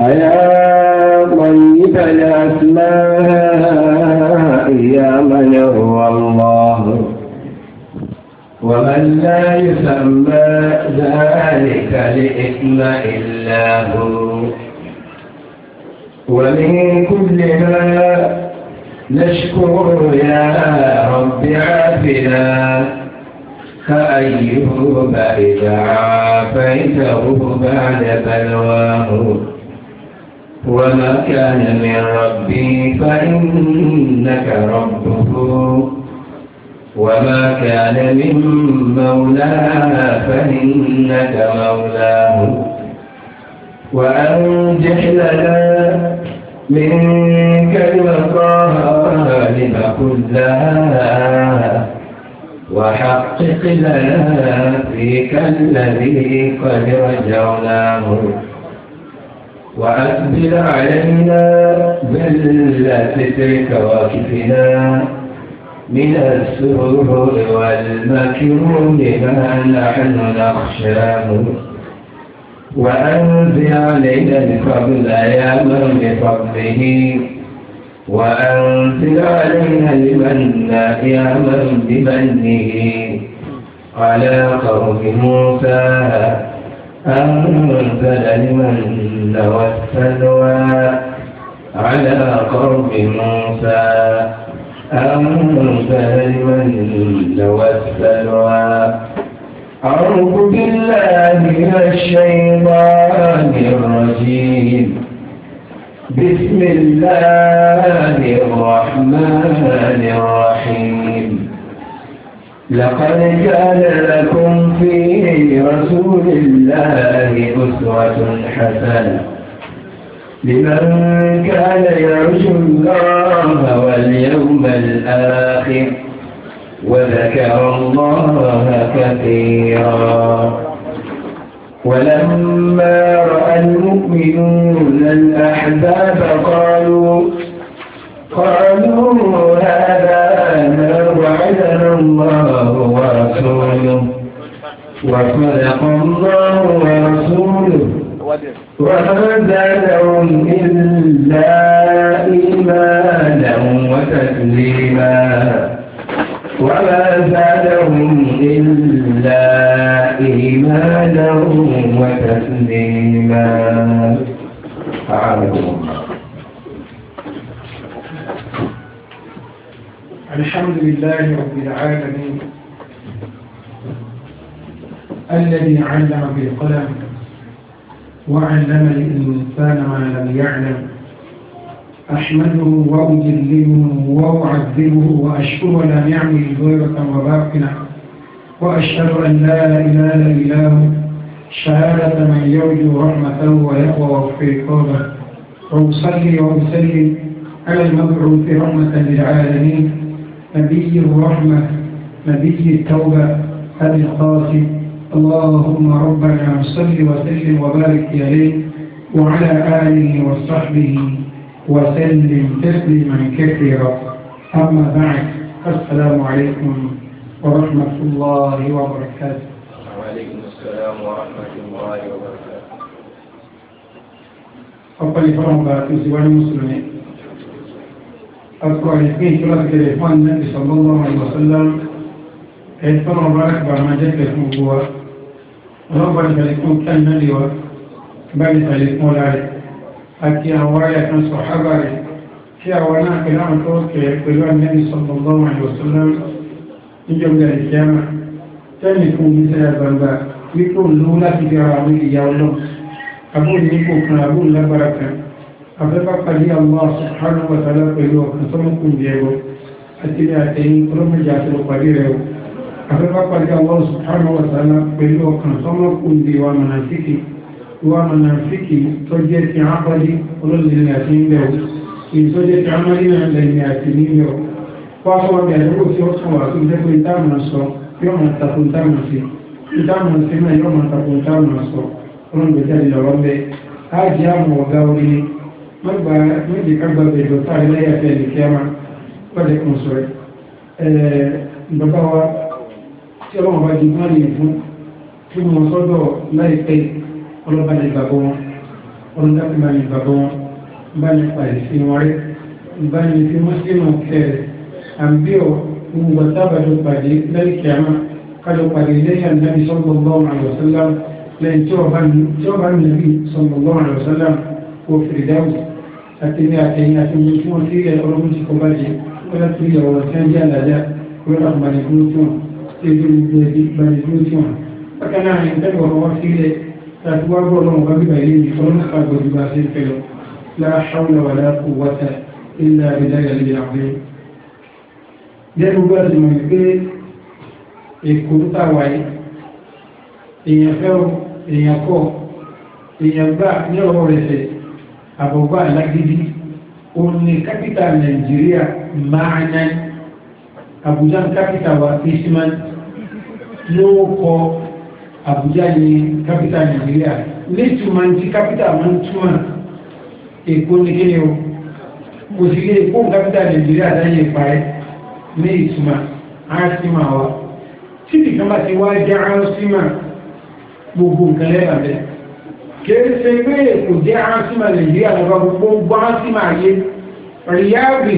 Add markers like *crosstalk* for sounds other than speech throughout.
يا طيب الأسماء يا من هو الله ومن لا يسمى ذلك لإثم إلا هو ومن كل ما نشكر يا رب عافنا فأيهما إذا عافيته بعد بلواه وما كان من ربي فإنك ربه وما كان من مولاه فإنك مولاه وأنجح لنا منك المطاهر لما لها وحقق لنا فيك الذي قد رجعناه وأسبل علينا بلا سترك من السرور والمكرون ما نحن نخشاه وأنزل علينا الفضل يا من بفضله وأنزل عليها لمن يا بمنه على قوم موسى أنزل المن والسلوى على قوم موسى أنزل المن والسلوى أعوذ بالله من الشيطان الرجيم بسم الله الرحمن الرحيم لقد كان لكم في رسول الله أسوة حسنة لمن كان يرجو الله واليوم الآخر وذكر الله كثيرا ولما رأى المؤمنون الأحباب قالوا قالوا هذا ما وعدنا الله ورسوله وصدق الله ورسوله وما زادهم إلا إيمانا وتسليما وما زادهم إلا إيمانا وتسليما الحمد لله رب العالمين الذي علم بالقلم وعلم الإنسان ما لم يعلم أحمده وأجلله وأعذبه وأشكر نعمه ظاهرة وباطنة وأشهد أن لا إله إلا هو شهادة من يرجو رحمته ويقوى وفقابه وأصلي وأسلم على المبعوث رحمة للعالمين نبي الرحمة نبي التوبة أبي القاسم اللهم ربنا صل وسلم وبارك عليه وعلى آله وصحبه وسلم تسليما كثيرا أما بعد السلام عليكم ورحمة الله وبركاته وعليكم السلام ورحمة الله وبركاته أقل فرم في سوى المسلمين أذكر الاثنين ثلاثة تليفون النبي صلى الله عليه وسلم اذكر مبارك بعد ما جت لكم هو ربنا فلكم كان نبي وبعد فلكم العالم àti àwọn ará ẹ̀kan sọ̀hábà rẹ̀ kí àwọn náà pẹ̀lú àwọn tó kẹ̀ pẹ̀lú àmì sallallahu alaihi wasallam níjọba ìkẹ́mà tẹ́lẹ̀ fún oníṣẹ́ àgbàgbà wípé òun lówó láti fi ara àwọn ìyá ọlọ́ àbúrò nípò kan àbúrò lágbára kan afẹ́fà pàdé Allah subhanahu wa pẹ̀lú ọ̀kan sọ́mọ́kùn bí ẹwọ àti ní àtẹ̀yìn ọlọ́mọdé àti ọ̀pàdé rẹ̀ o afẹ́fà pàdé Allah subhanahu wa pẹ̀lú ọ̀kan sọ́mọ́kùn bí wa mọ̀nà síkì ìwà mọ̀nàfíkì fiki jẹ́ ti ápàdé olóòlìní àti ilẹ̀ ò èyí tó jẹ́ ti ámàlì náà lẹ́yìn àti nílẹ̀ ò wá fún ọgbẹ̀ àdúgbò tí ó kàn wá tó jẹ́ pé ìdáàmà sọ yóò máa takùn táàmà sí ìdáàmà sí náà yóò máa takùn táàmà sọ olóògbèjà lè lọ́wọ́ bẹ́ẹ̀ láàjì àmọ̀ ọ̀gá orí ni mọ́gbà méjì kágbà bẹ̀rẹ̀ táàrí lẹ́yà fẹ́ lè kíá máa pẹ̀lẹ́ kan sọ ọlọ́ba ní ìgbàgbọ́ wọn ọlọ́dàkùn bá ní ìgbàgbọ́ wọn bá ní pa ìsìn wọn rẹ bá ní ti mọ́sílẹ̀mù kẹrẹ àbíọ̀ gbogbo sábà ló pàdé lẹ́yìn kẹrẹ kájọ pàdé lẹ́yìn àdáni sallallahu alaihi wasallam lẹ́yìn tí ọba nàbí sallallahu alaihi wasallam kò fèrè dáwù àti ní àtẹ̀yìn àti ní tí wọ́n ti rí ọlọ́run ti kọ́ báyìí wọ́n láti rí ọ̀rọ̀ tí wọ́n jẹ́ àlàyé wọ́n láti bàlẹ̀ dúró tí wọ́n ti rí ibi dúró tí wọ́n. bákan náà ní láti wá bọ̀ náà wá bíbá ilé yìí fọlọ́n àgbọ̀ bí bá ṣe ń fẹ́ lọ láhàúnà wà láàkó wáta ilẹ̀ àbíláyà lè àwẹ́. jẹ́ gbogbo àti mọ̀ pé èkó ń tà wáyé èèyàn fẹ́ èèyàn kọ́ èèyàn gbà ní ọ̀rọ̀ rẹ̀ fẹ́ àbọ̀gbà alágídí òní kápítà nàìjíríà máa ń náà àbújá kápítà wa ìsìmá ló kọ́ abuja ni kápítà Nàìjíríà létùmọ̀ ní kápítà máa ń túmọ̀ Èkó ní ni o kò sí lé Èkó kápítà Nàìjíríà láyé ìparí ní ìtumọ̀ àásímà wa títí kan bá ti wá jẹ́ àásímà gbogbo nǹkan lẹ́yìn abẹ́ kìí ṣe pé Èkó jẹ́ àásímà Nàìjíríà lọ́wọ́ gbogbo àásímà ayé Riyadh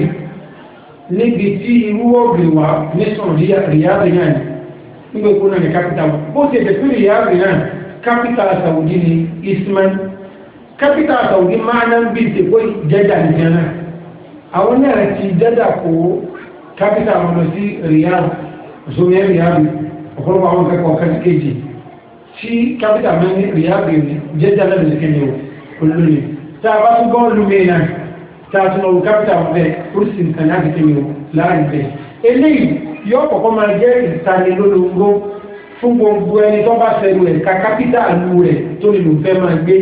níbi tí irú ọ̀gbìn wà ní sọ̀rọ̀ Riyadh náà ni nígbà ìkó náà ní capital bó ṣe jẹ́ pé riyadh náà capital saudi ni isman capital saudi máa náà ń bí ìsèpọ̀ jẹ́dà nìkan náà àwọn náà ti jẹ́dà kó capital wọn lọ sí riyadh òṣòwò riyadh ọ̀pọ̀lọpọ̀ àwọn akẹ́kọ̀ọ́ kan kejì tí capital máa ní riyadh jẹ́dà náà lè kéde olóyè tá a bá tún bọ́ọ̀lù mìíràn tá a tún lọ wọ capital wọn bẹ́ẹ̀ ó sì ń kàn láti kéde láàrin bẹ́ẹ̀ eléyìí yọ kọ̀kọ́ máa jẹ́ ìtanilólogó fún gbogbo ẹni tó bá fẹ́ lu ẹ̀ka kápítà lu rẹ̀ tó lè lò fẹ́ máa gbé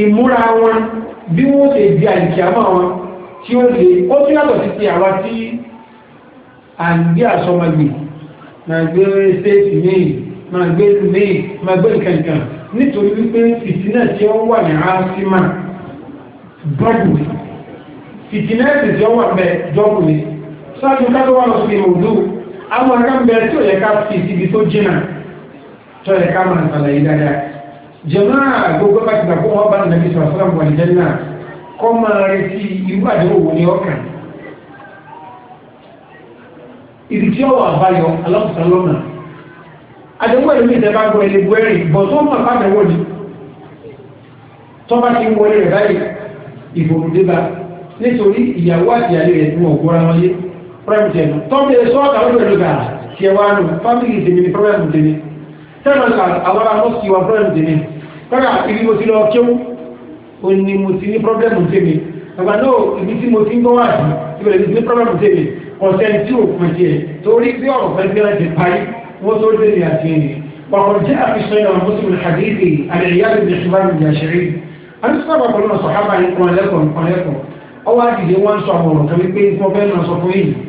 ìmúra wọn bí wọ́n lè di àìkíámọ́ wọn tí ó lè ó tún yàtọ̀ sí ti àwa tí à ń gbé àsọmọgbè máa gbé ṣéètì míì máa gbé míì máa gbé nǹkankan nítorí wípé fìtínà tí ó wà ní asima dọ́gùn fìtínà tí ó wà bẹ́ẹ̀ dọ́gùn ni ṣáájú ká tó wà lọ síbi òdú àwọn ẹ̀ka ń bẹ tí ò yẹ ká fi síbi tó jìnà tó yẹ ká máa ṣàlàyé dáadáa jẹ̀mọ́ àgbógbó bá ti gbàgbọ́ wọn bá nà bí sọ̀rọ̀ sọ́dọ̀ wọn jẹ́ náà kọ́ máa retí irú àdéhùn wo ni ọkàn ìdí tí ọwọ́ àbáyọ aláwùsàn lọ́nà àdéhùn ẹ̀rọ mi ìdẹ́gbà gbọ́ ẹ̀lẹ́ buẹ́rì bọ̀ tó mọ̀ fáfẹ́wọ́ ni tọ́ba ti ń wọlé rẹ̀ báyìí ìbòmùdébà nítorí ìyàwó àti àlè rẹ̀ ni wọ́n gbọ́ra wọn yé problem jẹnu tọ́bi ẹ̀sọ́ àtàwọn ìlú gà tiẹ̀ wá nù family tèmi ni problem tèmi tẹ́lẹ̀ ká àwọn àwọn sì wá problem tèmi kọ́ra ibi mo ti lọ kéwú òní mo ti ní problem tèmi bàbá náà ibi tí mo ti ń gbọ́ wá sí ibẹ̀rẹ̀ ibi tí ní problem tèmi kọ̀sẹ́ni tí ò pọ̀ tiẹ̀ torí bí ọ̀rọ̀ fẹ́ gbé láti parí wọ́n tó dé ní àti ẹ̀yìn وقد جاء في صحيح مسلم الحديث عن عياذ بن حمار الجاشعي àti sábà pẹ̀lú ọ̀sán àbáyé kan ẹlẹ́kọ̀ọ́ ẹlẹ́kọ̀ọ́ ọwọ́ àdìdì wọn sọ àwọn ọ̀rọ̀ kan wípé fọ́fẹ́ náà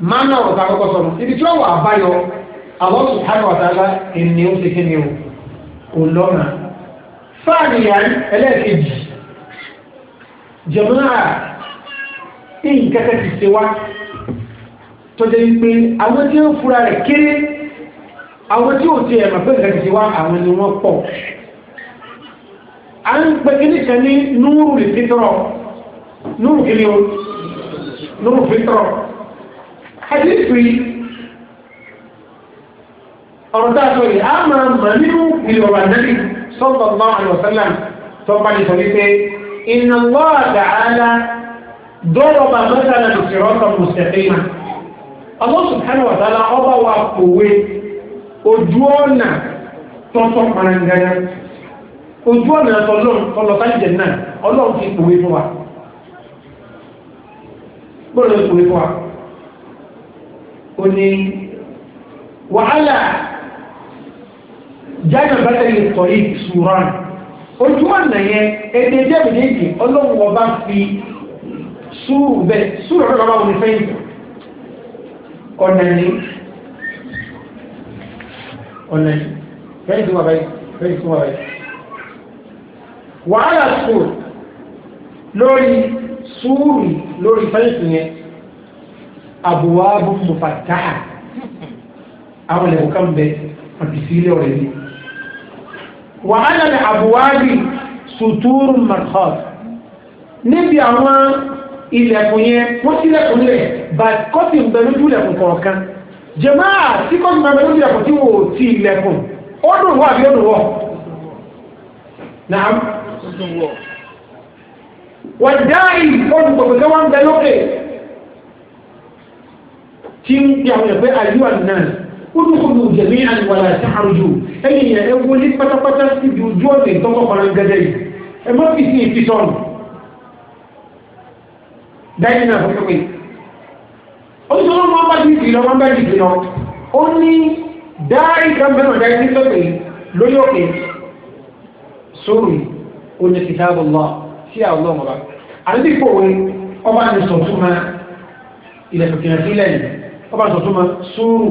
mánà ọ̀tá àkọ́kọ́ sọ̀rọ̀ ibi tí wọ́n wà àbáyọ àwọn subhanahu wa ta'ala ẹni ó ti kíni o kò lọ́nà. fáànìyàn ẹlẹ́ẹ̀kejì jẹ̀mọ́nà ìǹkẹ́kẹ́ ti ṣe wá tọ́jẹ́ wípé àwọn tí ó fura rẹ̀ kéré àwọn tí ò ti ẹ̀mọ̀ pé ìǹkẹ́kẹ́ ti wá àwọn ni wọ́n pọ̀ a ń pẹ́ kí nìkan ní núrù lè fi tọrọ núrù kí ni o núrù fi tọrọ àdìsí ọ̀rọ̀ tá a sọ yìí a máa mà nínú ìlú ọ̀rọ̀ ànábì sallallahu alaihi wasallam tó bá ní sọ wípé inna Allah ta'ala dọ́rọ̀bà mẹ́tàlá ní siratan mustaqima Allah subhanahu wa ta'ala ọba wa kòwe ojú ọ̀nà tọ́tọ́ parangaya ojú ọ̀nà tọ́lọ́n tọ́lọ́tàjẹ̀ náà òní wàhálà jáde bá tẹ̀lé sọ̀rí ṣùgbọ́n ojú ọ̀nà yẹn èdè jẹ́bi méjì ọlọ́run ọba fi sùúrù bẹ́ẹ̀ sùúrù ọ̀dọ́ ọba òní fẹ́yìn ọ̀nà ni ọ̀nà ni fẹ́yìn tó wà báyìí fẹ́yìn tó wà báyìí wàhálà sùúrù lórí sùúrù lórí fẹ́yìn tó yẹn àbúwáàbù mùfàtàhà àwọn ilẹ̀kùn kan bẹ àti sílẹ̀ ọ̀rẹ́ ni wà á lẹ́nu àbúwáàbì sùtúrù mọ̀tọ́t níbi àwọn ilẹ̀kùn yẹn wọ́n sílẹ̀kùn lẹ̀ bá kọ́sì ń bẹ lójú ilẹ̀kùn kọ̀ọ̀kan jẹ̀máà tí kọ́sì máa bẹ lójú ilẹ̀kùn tí o ó ti ilẹ̀kùn ó dùn wọ́ àbí ó dùn wọ́ nàám wọ́n dáì ó dùn gbogbo kí wọ́n ń bẹ lókè tí ń pe àwọn ẹ̀fẹ́ àyíwá náà olùkọ́ni òjèmí àníwàlá sàárùjù ẹ̀yìn yẹn ẹ wọlé pátápátá síbi ojú ọ̀nà ìtọ́kọ̀ parí gẹ́gẹ́ yìí ẹ má fi sí ìfi sọ̀rọ̀ dáyé náà fún mi. ó sọ wọn máa bá dìbì lọ máa bá dìbì lọ ó ní dárí kan bẹ́ẹ̀ náà dáyé nítorí lórí òkè sórí oní kìtàbù lọ sí àwọn ọmọ bá àdébíkò wọn ọba ní sọ fún ma ilẹ̀ kòkìrìtì lẹ́yìn ọba sọ̀túnmọ̀ sóòrù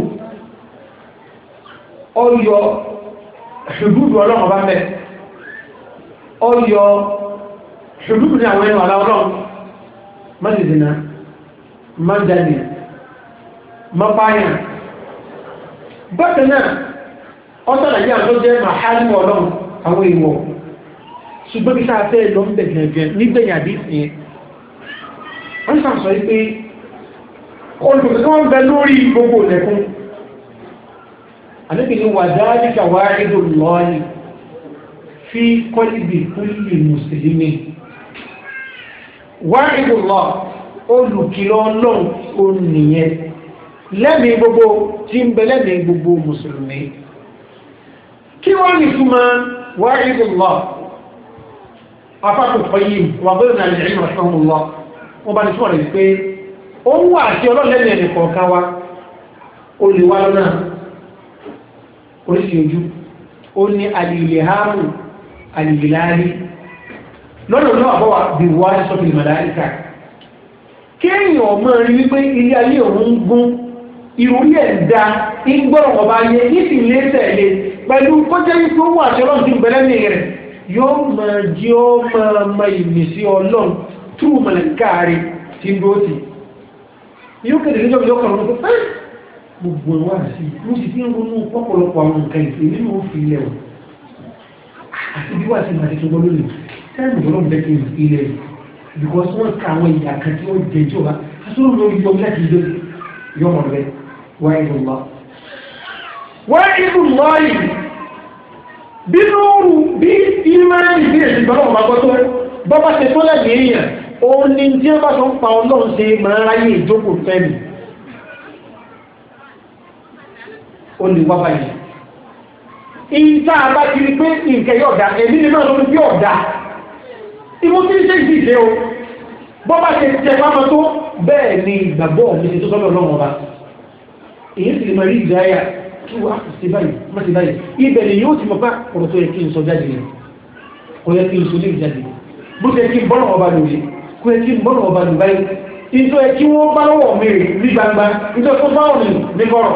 ọyọ ṣùgbùdù ọlọ́run bá mẹ́ ọyọ ṣùgbùdù ní àwọn ẹnu àlá ọlọ́run má lè dènà má jalè má báyà bákan náà ọ́sàlàyé àwọn tó jẹ́ màhálù ọlọ́run àwọn èèwọ̀ ṣùgbọ́n kí sáà fẹ́ lọ ń bẹ̀gẹ̀gẹ̀ nígbẹ̀yàdí ìsìn wọ́n sàṣọ wípé olùsọ ń bẹ lórí gbogbo ìlẹ̀kùn àníbi ni wàdáàlì kàwárí lọ́ọ̀lì fi kọ́lìbì kúlì mùsùlùmí wáìdù lọ olùkìlọ̀ ọlọ́run onìyẹn lẹ́mìí gbogbo tí ń bẹ lẹ́mìí gbogbo mùsùlùmí kí wọ́n ní fúnma wáìdù lọ afákòkò yìí wà bẹ́ẹ̀ náà lè rí ìrọ̀ṣọ́ bá ní sọ̀rọ̀ yìí pé òun wà àti ọlọ́lẹ́lẹ̀ ẹ̀nìkọ̀ ká wa ó lè wá lọ́nà oríṣi ojú ó ní àlìlè hàmù àlìlè láàrí lọ́nà náà àbọ̀wà bí wọ́n á sọ fìlìmọ̀ láríkà kéèyàn ọmọ rí wípé ilé ayé òun ń gún ìròyìn ẹ̀ da ń gbọ́rọ̀ ọba yẹ nífi ilé tẹ̀lé pẹ̀lú kọjá wípé ó wà àti ọlọ́run ti bẹ̀rẹ̀ ní rẹ̀ yóò máa jí ó máa ma ìmísí ọlọ́run túmọ̀ káàrí tí ń dó tì yóò kéde níjọ́ yóò kọ̀ọ̀rọ̀ lọ́pọ̀ fẹ́ gbogbo ẹ̀wà sí i mo sì fi ń ronú pọ́pọ̀lọpọ̀ àwọn nǹkan ìfẹ́ nínú òfin ilẹ̀ o àti bí wàá sí ìbàdí tó gbọ́ lónìí sẹ́yìn ìgbọ́lọ́ ń bẹ́ kí n fi ilẹ̀ because wọ́n ka àwọn ìyá kan tí wọ́n jẹ jọba aṣọ́rò ló yọ láti yọ yọmọ rẹ òun ni tí wọ́n bá tó ń pa ọlọ́run ṣe máa fẹ́mi lè wá báyìí ìta pé yọ̀dá ẹ̀mí ni máa lórí bí ọ̀dá ìwọ́n tí ń ṣe ìdíje o bọ́ bá ṣe tẹ tó bẹ́ẹ̀ ni ìgbàgbọ́ mi tó ọba èyí sì máa rí ìdáyà kí wọ́n sí báyìí má sí báyìí ibẹ̀ ni yóò ti mọ̀ pé ọ̀rọ̀ tó yẹ kí n sọ jáde kò yẹ kí n sọ bó ṣe kí n kó etí gbọ́dọ̀ ọba dùbá yìí ìjọ ẹ kí wọ́n bá lọ́wọ́ mi rè ní gbangba ìjọ tó bá òní ní bọ̀rọ̀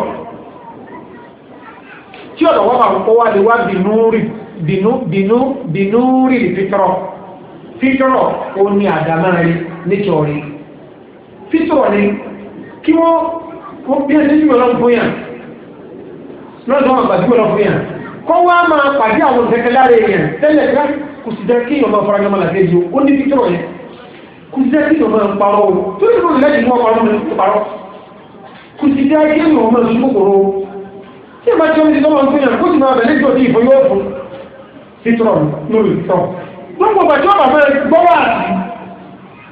tí ọ̀dọ̀ wọ́n máa kọ́ wá lè wá bìnúrì bìnú bìnú bìnúrì fítọ́rọ̀ fítọ́rọ̀ ó ní àdámárin nítorí fítọ́rọ̀ ni kí wọ́n wọ́n bí ẹni jùlọ lọ́n fún yàn lọ́dọ̀ wọn àgbàjú lọ́n fún yàn kọ́ wá máa pàdé àwọn ìfẹ́kẹ́ lára èèyàn tẹ́lẹ̀ ká kò sì jẹ́ kí ìyọ̀mọ̀ fọ́ra kò sí jẹ́ kí ìjọba ń parọ́ o tó ní ìlú ìlẹ́yìn mú ọparọ́ mi ń parọ́ kò sí jẹ́ kí ìlú ọmọ ìlú kòkòrò o tí ìbá jẹ́ oúnjẹ lọ́wọ́ ń fún yàn kó sì máa bẹ̀rẹ̀ ìjọ sí ìbọn yóò fún títọ̀ lórí tọ̀ lọ́pọ̀ bàtí ọ̀bà fẹ́ gbọ́wọ́ àti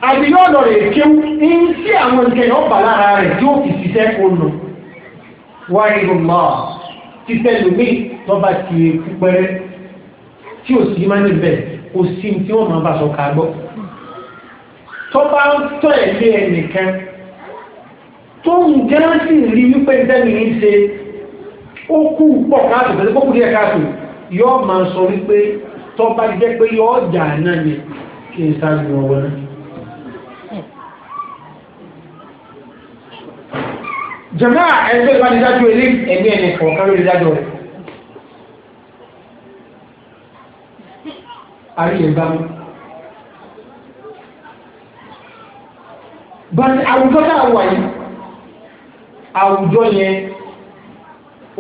àbí yóò lọ rè kéwú ní sí àwọn nǹkan yóò bà lára rẹ̀ tí ó fi ṣiṣẹ́ olù wáyé ló máa ṣiṣẹ́ lómi lọ́ba ti pẹ́rẹ́ tí ò sí máa ń sí tí wọ́n tó bá ń tọ́ ẹ̀lé ẹnìkan tó ń jẹ́ sí rí wípé dẹ́mi ń ṣe ó kú pọ̀ káàtó pẹ̀lú pọ̀ kúrẹ́ káàtó yọ́ máa sọ wípé tó bá jẹ́ pé yọ́ jà náà ni kí n sáré wọn wọn. jẹ̀mọ́ ẹgbẹ́ ìbánidájọ́ ilé ẹ̀mí ẹ̀nì kọ̀ọ̀kan lórí ìdájọ́ rẹ̀. àríyẹ̀ bá mú. bàtí àwùjọ náà wà yìí àwùjọ yẹn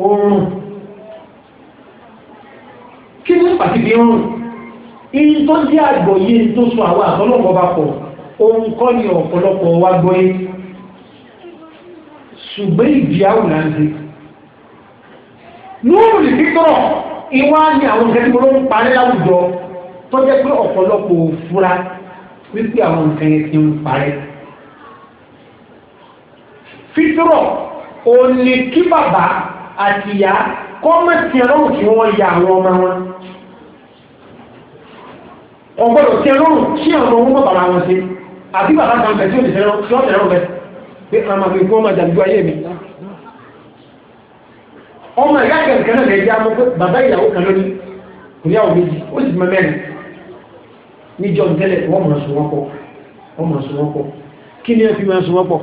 oorun kí ní pàtìkì oorun iye tó jẹ́ àgbọ̀yé tó so àwọn àtọ́lọ́pọ̀ bá pọ̀ ohun kọ́ ni ọ̀pọ̀lọpọ̀ wa gbọ́yé ṣùgbọ́n ìdí àwùlà ń ṣe lóòrùn lè fífọ́rọ̀ ìwá ni àwọn nǹkan tí mo ló ń parí láwùjọ tó jẹ́ pé ọ̀pọ̀lọpọ̀ fura wípé àwọn nǹkan yẹn ti ń parí fitrọ òní kí bàbá àtìyá kọ́mọ̀tì ẹlọ́run tí wọ́n ya àwọn ọmọ wọn ọgbọ́dọ̀ tí ẹlọ́run tí àwọn ọmọ wọn bàbá wọn ṣe àbí bàbá kan bẹ̀ tí ó lè tẹ́lẹ̀ tí ó tẹ̀lẹ̀ rọ̀ bẹ̀ pé àwọn àmì kí wọ́n máa jàdúgbò ayé mi ọmọ ìyá kẹ̀kẹ́ náà lè jẹ́ àmọ́ pé bàbá ìyàwó kan lónìí kò níyàwó méjì ó sì mọ mẹ́rin níjọ́ tẹ́lẹ̀ wọ́n mọ̀ sùn wọ́pọ̀ kí ni ẹ fi máa sùn wọ́pọ̀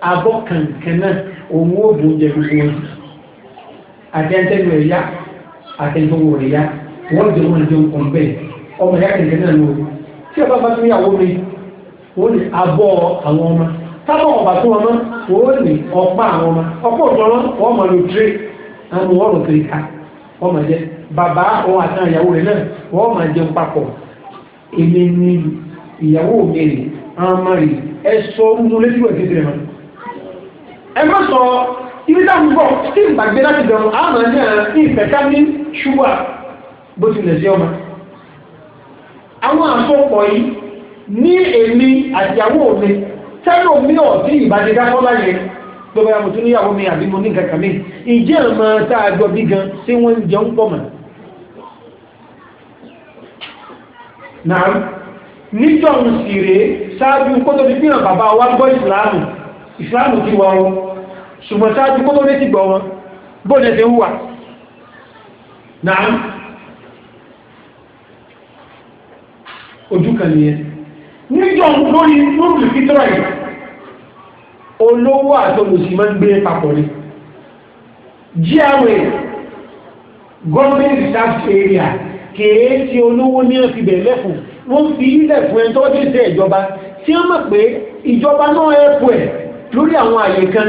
abọ́ kànkàn náà òun ó bò jẹ gbogbo wọn àtẹ̀ntẹ̀nu rẹ̀ yá àtẹ̀ntẹ̀nu rẹ̀ yá wọ́n jẹ wọn jẹun kàn bẹ́ẹ̀ ọmọ ìyá kànkàn náà ló tí ọba bá tún yàwó mi wọ́n ní abọ́ àwọn ọmọ tábọ̀ ọba tó wọn mọ́ wọ́n ní ọ̀pá àwọn ọmọ ọ̀pọ̀ òtọ́rọ́ wọ́n mọ̀ ló tiré àwọn ọ̀rọ̀ kiri ká wọ́n mọ̀ jẹ́ bàbá òun àtàwọn ìyàwó rẹ̀ náà wọ́n mọ̀ jẹun papọ̀ èmi ní ìyàwó mi rè àwọn ọmọ rè ẹ sọ ọdún létí wẹ̀ kékeré mọ́ ẹ má sọ ibi tá à ń bọ̀ tí n gbàgbé láti dọ̀rùn àmọ́ náà ní ìfẹ́ká ní ṣúwà bó tilẹ̀ sí ọmọ. àwọn àsopọ̀ yìí ní èmi àtìyàwó mi tẹ́lọ̀ mi ọ̀ sí ìbàdíga kọ́lá yẹn gbogbo àwọn tó níyàwó mi àbí mo ní kankan mi ìjẹ́ àmọ́ tá a gbọ́ bí gan tí wọ́n ń jẹun pọ̀ mọ́. náà nítorí sì rèé ṣáájú kótó ní bí hàn bàbá wa gbọ́ ìsìláàmù ìsìláàmù ti wà ṣùgbọ́n sáájú kó tó lé ti gbọ́ wọn bóde ti hùwà náà ojú kan nìyẹn níjọ lórí lórí fítọ́rà yìí olówó àtọ́lùsí máa ń gbé papọ̀ ni GRA government research area kèé tí olówó ní ọ̀fi bẹ̀rẹ̀ fún wọ́n fi ilẹ̀ fún ẹni tó dé ìjọba tí wọ́n mọ̀ pé ìjọba náà ẹ̀pọ̀ ẹ̀ lórí àwọn àyè kan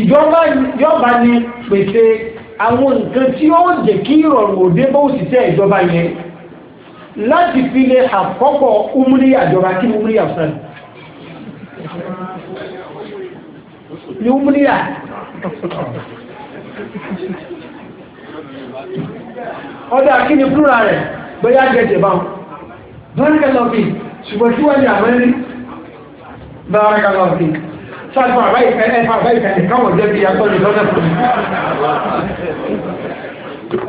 ìjọba yọba ni pèsè àwọn nǹkan tí ó jẹ́ kí ìrọ̀rùn òde bó òṣìṣẹ́ ìjọba yẹn láti fi lè àkọ́kọ́ umriya ìjọba kí ni umriya fún ẹ ni umriya ọdá kí ni plural rẹ̀ bóyá gẹ̀ẹ́jẹ̀ bá bárakàlọ́fì ṣùgbọ́n tí wọ́n ní àmẹ́rí bárakàlọ́fì sáàtì máa báyìí fẹ́ ẹ̀fà báyìí fẹ́ káwọn jẹ́ bí yàtọ̀ ní lọ́nà fún mi.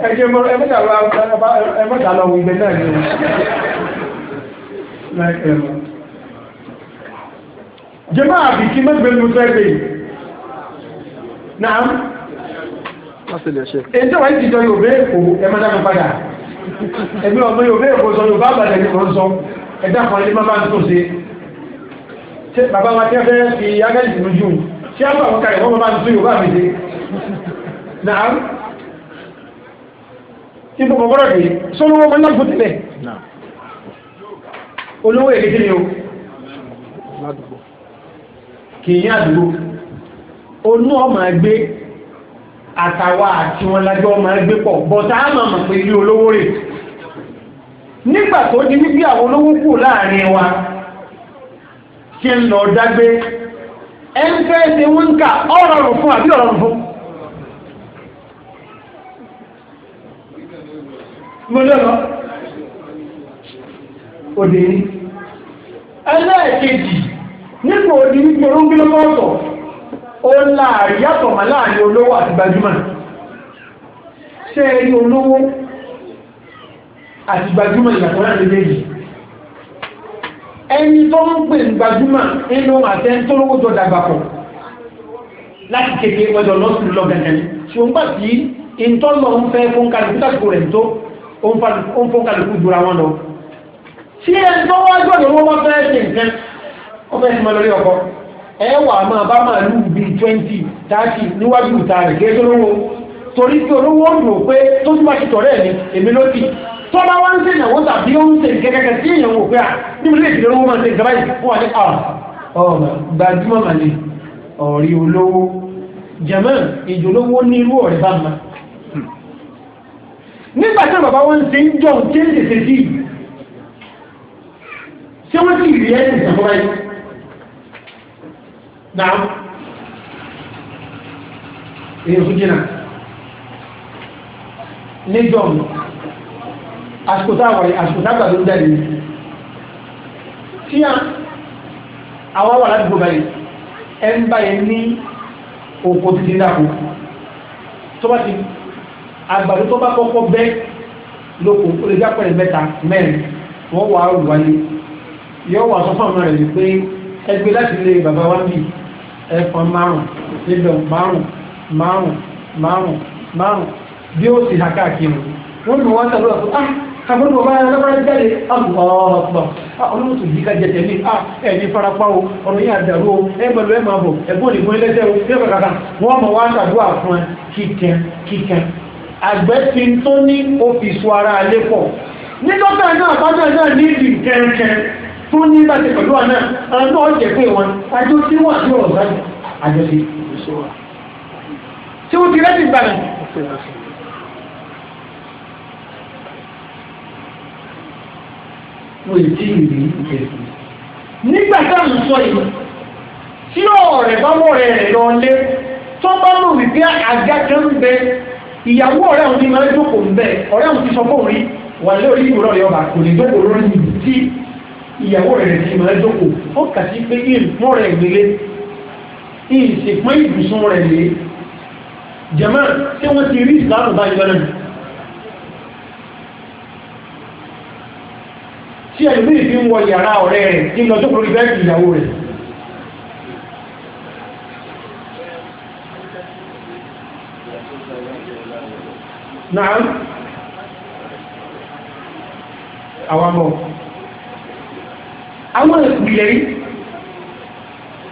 ẹ̀jẹ̀ mọ́ ẹ̀mọ́ta lọ wọ ibẹ̀ náà ni o. Um, jẹ́mọ́ àbí kí mẹ́gbẹ̀ẹ́ mú fẹ́ bẹ́ẹ̀ náà. èyí tó wáyé ti jọ yóò bẹ́ẹ̀ kó ẹ̀mọ́ dáná padà ẹ̀mí ọmọ yóò bẹ́ẹ̀ kó sọ yóò bá bàtà ẹ̀mí kan sọ ẹ̀dá kan ẹni má bá tó ṣe ṣé bàbá wa tẹ́ fẹ́ fi ágájì ló jù ṣé á bá wọn kalẹ̀ wọ́n bá ń tún yorùbá mi dé náà ipò kọ̀kọ́rọ̀ kì í sọ́nà wọn kọ́ńtà fún tilẹ̀ olówó èdè kí ni o kì í yín àdúgbò onú ọmọ ẹgbẹ́ àtàwà àti wọn lájọ́ ọmọ ẹgbẹ́ pọ̀ bọ̀tá àmà mọ̀ pé ilé olówó rẹ̀ nígbà tó di wípé àwọn olówó kù láàrin wa kí ń lọ dágbé ẹ ń fẹ́ ṣe wọ́n ń kà fún àbí ọ̀rọ̀ fún. mo lọ òde ní ẹlẹ́ẹ̀kejì nípa ó yàtọ̀ láàrin olówó àti gbajúmọ̀ ẹni tó ń pè ń gbajúmọ̀ nínú àtẹ tó lówó tó dàgbà pọ̀ láti kékeré wọ́n jọ lọ́sùn lọ gẹ̀gẹ̀ ṣùgbọ́n gbà tí ìtọ́lọ̀ ń fẹ́ fún kálukú tàbí rẹ̀ tó ń fún kálukú jura wọn lọ tí ẹni tó wá gbọ́dọ̀ wọ́n wọ́n fẹ́ ṣe nǹkan wọ́n fẹ́ sinmi lórí ọkọ ẹ wà máa bá máa lù bí twenty thirty níwájú ìta rẹ̀ gẹ́gẹ́ lówó torí pé olówó ń lò pé tó tún bá ti tọ̀rẹ́ mi èmi ló ti tọ́lá wá ń ṣe ìyàwó tàbí ó ń ṣe kẹ́kẹ́kẹ́ sí ìyàwó pé à ah, níbi lè dìde lówó máa ṣe ìjọba yìí fún wa ní àwọn ah, ọ̀nà oh, gbajúmọ̀ mà ní ọ̀rí olówó jẹ̀mọ́ ìjòlówó ní irú ọ̀rẹ́ bá ma. nígbà tí bàbá wọn ṣe ń jọ ṣe ń ṣe sí ṣé wọ́n sì rí ẹ̀sìn ìjọba yìí. Nàá èyí ò tún níjọ́ àsìkò táwà àsìkò táwà ló ń dẹ̀ nìyí tí àwọn wà ládùúgbò báyìí ẹ ń báyìí ní oko títí dàkú tó bá ti àgbàdo tó bá kọ́kọ́ bẹ́ lóko ó lè jápẹ̀rẹ̀ mẹ́ta mẹ́rin wọ́n wà á wáyé yóò wà sọ fún àwọn rẹ̀ wípé ẹgbẹ́ láti lé bàbá wa bì ẹ̀fọn márùn níbẹ̀ márùn márùn márùn márùn bí ó sì ha wọ́n mú wọn sàlọ́ àpò agbọ́dọ̀ bá alábàárà jáde àgbọ̀ọ̀gbọ̀ ọlọ́run tó yí ká jẹ tẹ̀lé à ẹ̀mí farapa o ọ̀rọ̀ yín àdàrú o ẹ pẹ̀lú ẹ máa bọ̀ ẹ̀gbọ́n nìkan ẹlẹ́sẹ̀ o bí ọ̀gá kàkà wọ́n mọ̀ wá ṣàdúrà fún ẹ kíkẹ́ kíkẹ́ àgbẹ̀ ti ń tó ní ọ́fíìsì ara alẹ́ pọ̀ nígbàtà náà bájá náà ní ìdí kẹ́ẹ̀kẹ́ tó ní láti pẹ̀lú àná àná ọ̀jẹ̀ pé wọ́n ì tí ì rí ẹ̀sìn. nígbà táwọn sọ yìí tí ọ̀rẹ́ bá wọ̀ rẹ̀ lọ lé tó bá mọ̀ wípé àga kan ń bẹ ìyàwó ọ̀rẹ́ àwọn ti máa ń jókòó ń bẹ ọ̀rẹ́ àwọn ti sọ fóun rí wà lórí ìwúrọ̀ rẹ̀ ọba kò ní jókòó lórí ibi tí ìyàwó rẹ̀ ti máa ń jókòó ó kà sí pé ìmọ̀ rẹ̀ gbélé ìsìnkú ìbùsùn rẹ̀ lé jẹ̀mọ́ tí wọ́n ti rí ìsìlámù báyìí lọ́nà tí ẹ̀mí ìfi ń wọ yàrá ọ̀rẹ́ rẹ̀ nínú ọjọ́ kúrò ìbẹ́ẹ̀kì ìyàwó rẹ̀. náà àwọn ọmọ àwọn ìpìlẹ̀ rí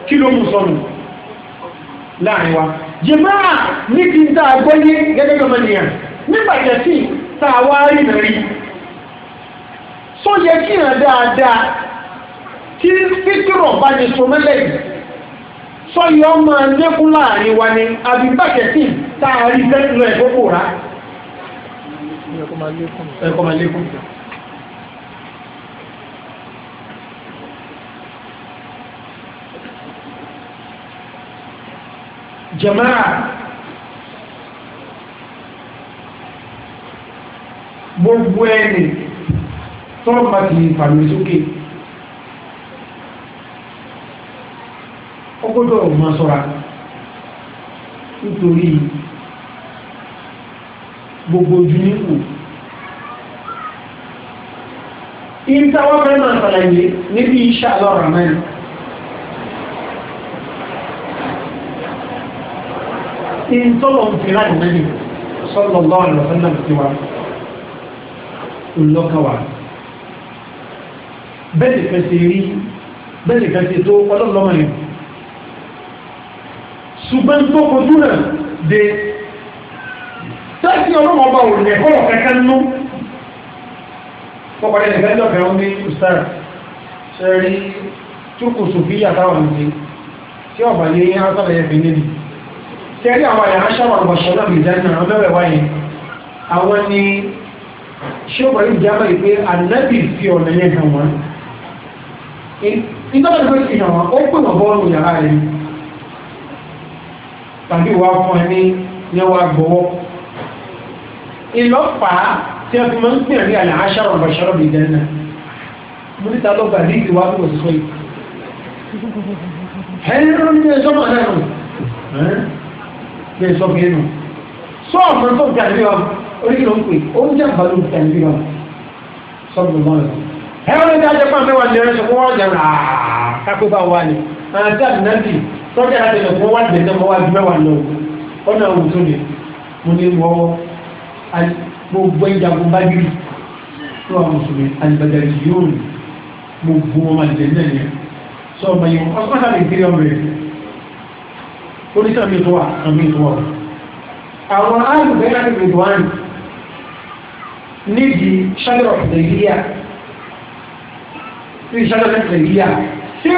kí ló mú sọnù láàrin wa jẹmáà ní kí n tá a gbọ́yé gẹ́gẹ́ bí ọmọ nìyàn nígbà yẹn sí tá a wá rí nàrí tó yẹ kí hàn dáadáa tí fíkìrọ̀ bá ní sọmọlẹ̀ yìí sọyọ máa lékún láàrin wa ni àbí bàkẹ́tì tá a rí sẹ́yìn lọ ẹ̀kọ́ kò rà. ẹ̀kọ́ máa lékún. jama'a gbogbo ẹni tọ́rọ bá ti fàmì sókè ọgbọ́dọ̀ ma sọ́ra nítorí gbogbo ojú nípò ìntawọ́ fẹ́ máa sàlàyé níbi iṣẹ́ àlọ́rọ̀ mẹ́rin ìntọ́lọ̀ ń fi láti mẹ́rin sọ́lọ̀ lọ́rọ̀ lọ́sánà ti wá ìlọ́kàwàá bẹ́ẹ̀ nìkan ti rí bẹ́ẹ̀ nìkan ti tó ọlọ́lọ́mọ ni ṣùgbọ́n tó kojú náà de tẹ́sí ọlọ́mọ ọba òun ẹ̀kọ́ kankan nú pọ̀pọ̀lẹ́ nìkan lọ́fẹ̀ ọ́n ní ustaz ṣe rí túkù sùfíyà táwọn ní tí ọba yẹ yẹn ásàlẹ̀ yẹn fi níbi tẹ́rí àwọn àyà aṣáwà ọ̀ṣọ́lá ìdáná ọlọ́rẹ̀ wáyé àwọn ni ṣé wọ́n yóò jábọ̀ yìí pé ànábì fi ọ̀nà yẹn hàn wọ́n ìtọ́jú ìfẹ́ ti hàn wọ́n ó pè wọ́n bọ́ọ̀lù yàrá rẹ̀ tàbí wà fún ẹ ní yẹwà gbọ́wọ́ ìlọ́pàá tí a fi máa ń pè ní àlẹ́ aṣáàrọ̀ bàṣáàrọ̀ bìí dẹ́nà mo níta ló gbà ní ìwà tó sọ yìí ẹni ló ní ẹjọ́ mọ̀ náà nù ẹ́ sọ fún ẹnu sọ ọ̀fọ̀ tó ń tẹ̀lé wa orí kìlọ̀ ń pè ó àbálò ń tẹ̀lé wa sọ́dún mọ́ ẹ̀rọ ẹ̀rọ ní ajẹ́ pàmì wà jẹ́rẹ́ sọ fún wọ́n jẹ́ ràá kápẹ́ bá wà ní àti àdínábì tọ́jà láti lọ fún wọ́n jẹ́ mọ́ wá ju mẹ́wàá lọ ọ̀nà òun tó lè mo ní wọ́ gbogbo ìjagun bá gírì tó wà mùsùlùmí àlùbàdà jì yóò rìn gbogbo wọn máa jẹ náà yẹn sọ ọmọ yẹn ọsùn máa lè kiri ọmọ rẹ oníṣẹ́ mi tó wà àmì tó wà àwọn alùpùpù náà ti gbèdúwà nídìí ní ìṣẹ́jọ́ ní nàìjíríà ṣé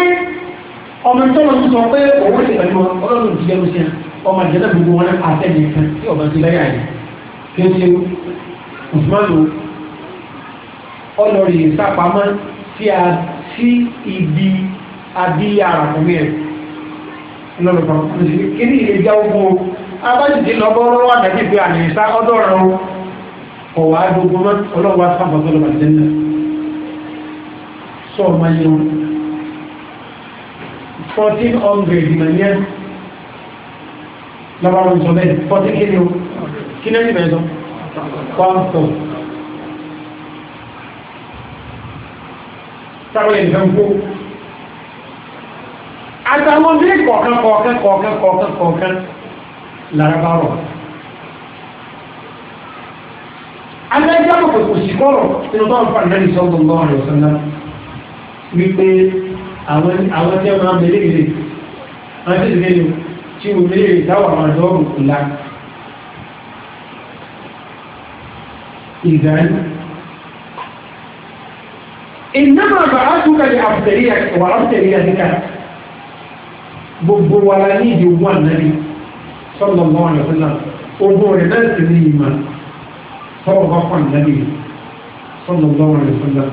ọmọ tó lọ sọ pé òun ṣe pẹ̀lú ọlọ́run ti yẹnu sí ọmọ ìjẹ́jọ́ gbogbo wọn àtẹ̀yìn kan tí ọba ti lẹ́yà yìí kí ó ṣe òṣùmọ́nù ọlọ́rin ìsápamọ́ sí ibi abíyá àràkùnrin ẹ̀ lọ́lọ́pàá kí ní ìrẹ́jà ogun abájìdí lọ́gọ́rọ́ wà dájú pé àmì ìsá ọdọ́rọ̀ ọ̀wà gbogbo ọlọ́wà sábà tó lọ́pàá jẹ́ náà sọ ọmọ yẹn wọn fourteen hundred nìyẹn lọ́wọ́ àwọn ìjọba ẹ̀ fourteen kí ni o kí ni ẹ̀yìn bẹ̀rẹ̀ sọ one four. táwọn èèyàn ń kó àtàwọn ọmọdé kọ̀ọ̀kan kọ̀ọ̀kan kọ̀ọ̀kan kọ̀ọ̀kan kọ̀ọ̀kan làrá rọ̀ adájọ́ àpòkò sí kọ́rọ̀ nínú tó ń fa ìrẹ́lẹ̀ sọ́gbọ̀n gbọ́n àrẹ̀ ọ̀sán náà wípé àwọn tí wọ́n mẹ́lẹ̀ rẹ̀ wọ́n ti rẹ̀ tí wọ́n mẹ́lẹ̀ rẹ̀ táwọn àwọn àjọ òkúlá ìdáyé ìnáma bàátùkà ní àfẹ́ríyà wà áfẹ́ríyà níkà gbogbo wa la ní ìdí ogun ànábi sallallahu alaihi wasallam ogun rẹ̀ náà sì ní ìmọ̀ sọ́lọ̀ bá fún ànábi sallallahu alaihi wasallam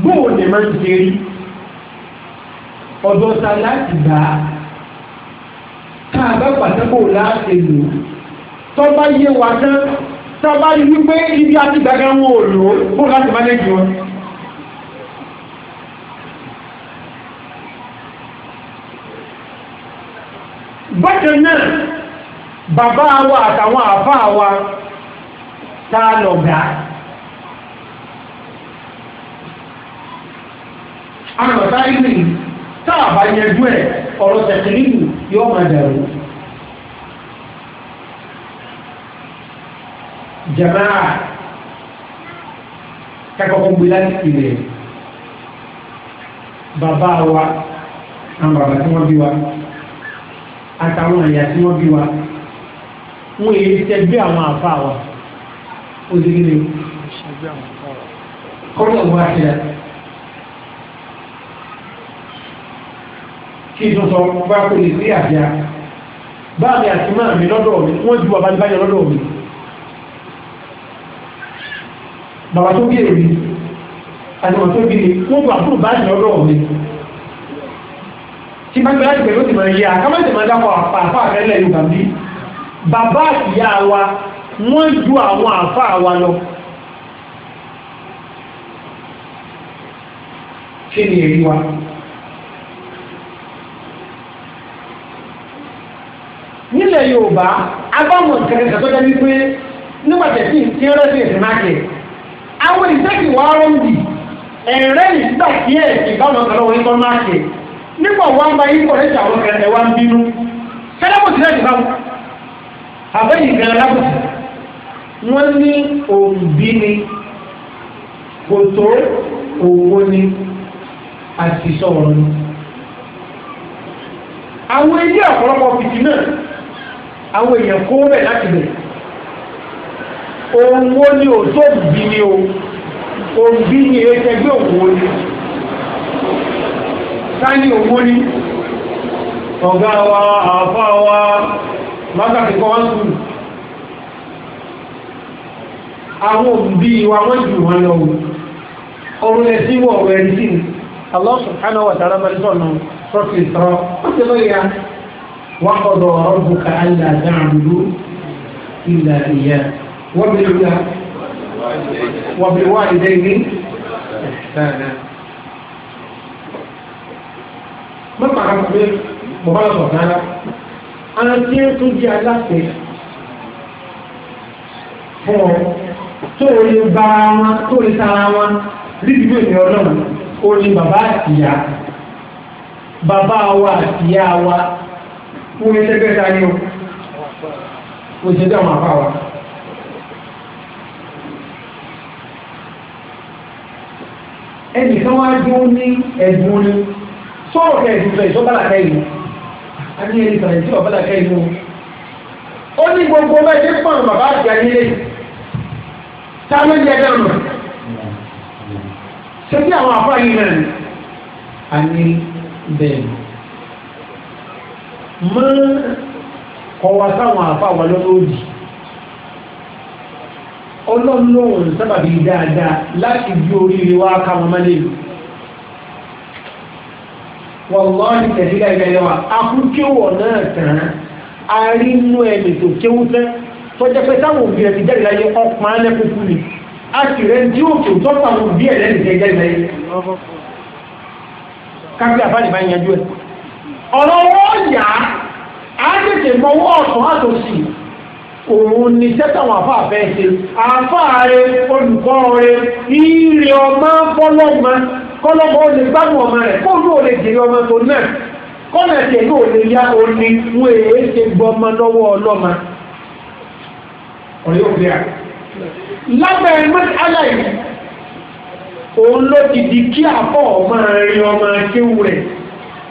bóò lè máa ń ṣe rí ọ̀dọ̀ ta láti gbà á ká a bá pàtẹ́kọ̀ láti lò tó bá yé wa tán tó bá rí wípé ibi àti gbàgbà wọn ò lò ó bó láti má lẹ́yìn wọn. bákan náà bàbá wa àtàwọn àfáà wa tá a lọ gbà á. àmọ̀tá ìlú tá a bá yẹjú ẹ̀ ọ̀rọ̀ tẹ̀kìlìkù yóò máa dàrú. jamaa kakọ̀kọ̀ gbé láti ìrẹ̀ bàbá wa àwọn bàbá tí wọ́n bí wa àtàwọn ẹ̀yà tí wọ́n bí wa wọ́n èyí tẹ́gbẹ́ àwọn àfa wa ó dé nílé kọ́lọ̀ wá ṣe àti. kí n tó sọ bá kó lè rí àjá báàmì àti máa mi lọ́dọ̀ mi wọ́n ju bàbá níbáyọ̀ lọ́dọ̀ mi bàbá tó bí èrè àti bàbá tó bí èrè wọ́n gbà fún báàmì lọ́dọ̀ mi tí bá gbé láti pẹ̀lú ti máa yẹ àkámẹ́sì máa dákọ̀ àpá àfẹ́lẹ̀ Yorùbá bí bàbá àti ìyá wa wọ́n ju àwọn àfá wa lọ kí ni èrè wa. nílẹ̀ Yorùbá agbọ́mọ̀ kẹ̀kẹ́ tó dẹ́bi pé nígbà tẹ̀sí tí ó rẹ́sì ìsìn máa kẹ̀. àwọn ìsẹ́kì wà á rọ́ǹdì ẹ̀rẹ́ ìgbà tí ẹ̀ ìbáwọn kan lọ́wọ́ ikọ́ máa kẹ̀. nígbà wà ikọ̀ rẹ̀ ń bínú. rẹ̀ ti bá àbẹ́yìn wọ́n ní òǹbí ni kòtò òwò ni àti sọ̀rọ̀ ni. àwọn ilé ọ̀pọ̀lọpọ̀ fìtì náà àwọn èèyàn kó láti ni o ohun bí ni ẹgbẹ́ òkú o ni sáyé owó ni ọ̀gá wa àfá wa látàkì kọ́ wọ́n sùn àwọn òbí wa wọ́n jù wọn lọ ọrùn ẹ̀sìn wọ̀ ọ̀rọ̀ ẹ̀sìn Allah subhanahu wa ta'ala mẹ́rin sọ́kì ó ti وقضى ربك ألا تعبدوا إلا إياه وبالوالدين إحسانا ما معنى تقول مبالغة هنا أنا كيف تجي على fún tó o lè ba wọn tó o lè tara wọn lídìbò ìní ọlọ́run o lè bàbá àtìyá bàbá wa àtìyá wa fún iṣẹ́ bẹ́ẹ̀ dání o kò ṣe bí àwọn àbáwá. ẹnì kan wá dún ní ẹ̀dùn ni sọ̀rọ̀ kẹ́ ẹ̀dùn sọ ya bàlàkà a ní ẹni sọ̀rọ̀ ìṣọ́ bàlàkà ìlú ó ní gbogbo pọ̀ bàbá àti ayé ta ló ń yẹ dànù ṣé bí àwọn àbá yìí ni mọ́ kọwa sáwọn àfáwà lọ́lọ́dì ọlọ́lọ́run sábàbí dáadáa láti bí oríire wá káwọn mọ́lẹ̀ wọ́lọ́rin tẹ̀sílẹ̀ ìgbẹ̀lẹ́wà akúkéwọ̀ náà tàn án a rí inú ẹ̀mì tó kéwú tẹ́ tọ́jẹ́ pé táwọn òbí ẹ̀ ti jáde láyé ọkùn alẹ́kùnkù ni a sì rẹ̀ tí ó tó tọ́pọ̀ àwọn òbí ẹ̀ lẹ́nu tẹ́ jáde láyé káfíà bá lè bá yanjú ẹ̀ ọ̀rọ̀ wọ́n yá á tètè mọ́wọ́ ọ̀tún àtòsí òun ni sẹ́tàwọn àfa àfẹ́ ṣe àfáàre olùkọ́ rẹ ire ọmọ fọlọ́mọ kọlọ́mọ ó lè gbádùn ọmọ rẹ kó ló lè jèrè ọmọ tó náà kọ́nà tiẹ̀ yóò lè yá omi wọn èé ṣe lọ́wọ́ ọlọ́mọ ọ̀rẹ́ òbí à. lábẹ́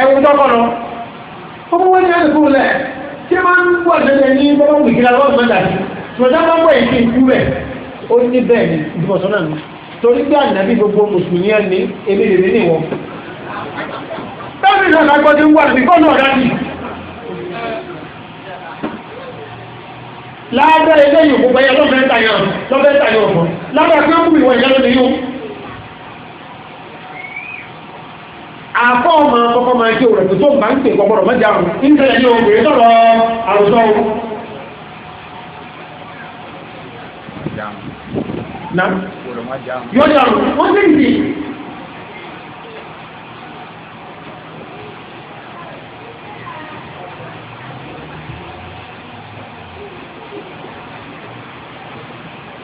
ẹ̀wù tọ́kọ̀ lọ. ọmọ wọn ní àdìgbò lẹ̀ ṣé máa ń wà lẹ́lẹ̀ ní bọ́lá gbèsè àwọn ọ̀sán dàbí ṣùgbọ́n máa ń wẹ̀ ìṣe ìkú rẹ̀ ó ní bẹ́ẹ̀ ni ìdìbọ̀sán náà ni torí pé ànábì gbogbo mùsùlùmí ẹ̀ ní ebi lè ní ìwọ. bẹ́ẹ̀ni ìṣàkà gbọ́dọ̀ wà ní bọ́ọ̀lù ọ̀dà jì. láàbẹ̀ eléyìí òkú àkọ́ ọmọ máa jẹ́ òrẹ̀ tó bá ń pè kọ́kọ́rọ̀ mọ́jà ọ̀hún nítorí ní obìnrin tọ̀rọ̀ àròsọ ọ̀hún. yóò dà ọ̀hún wọ́n sì ń sì.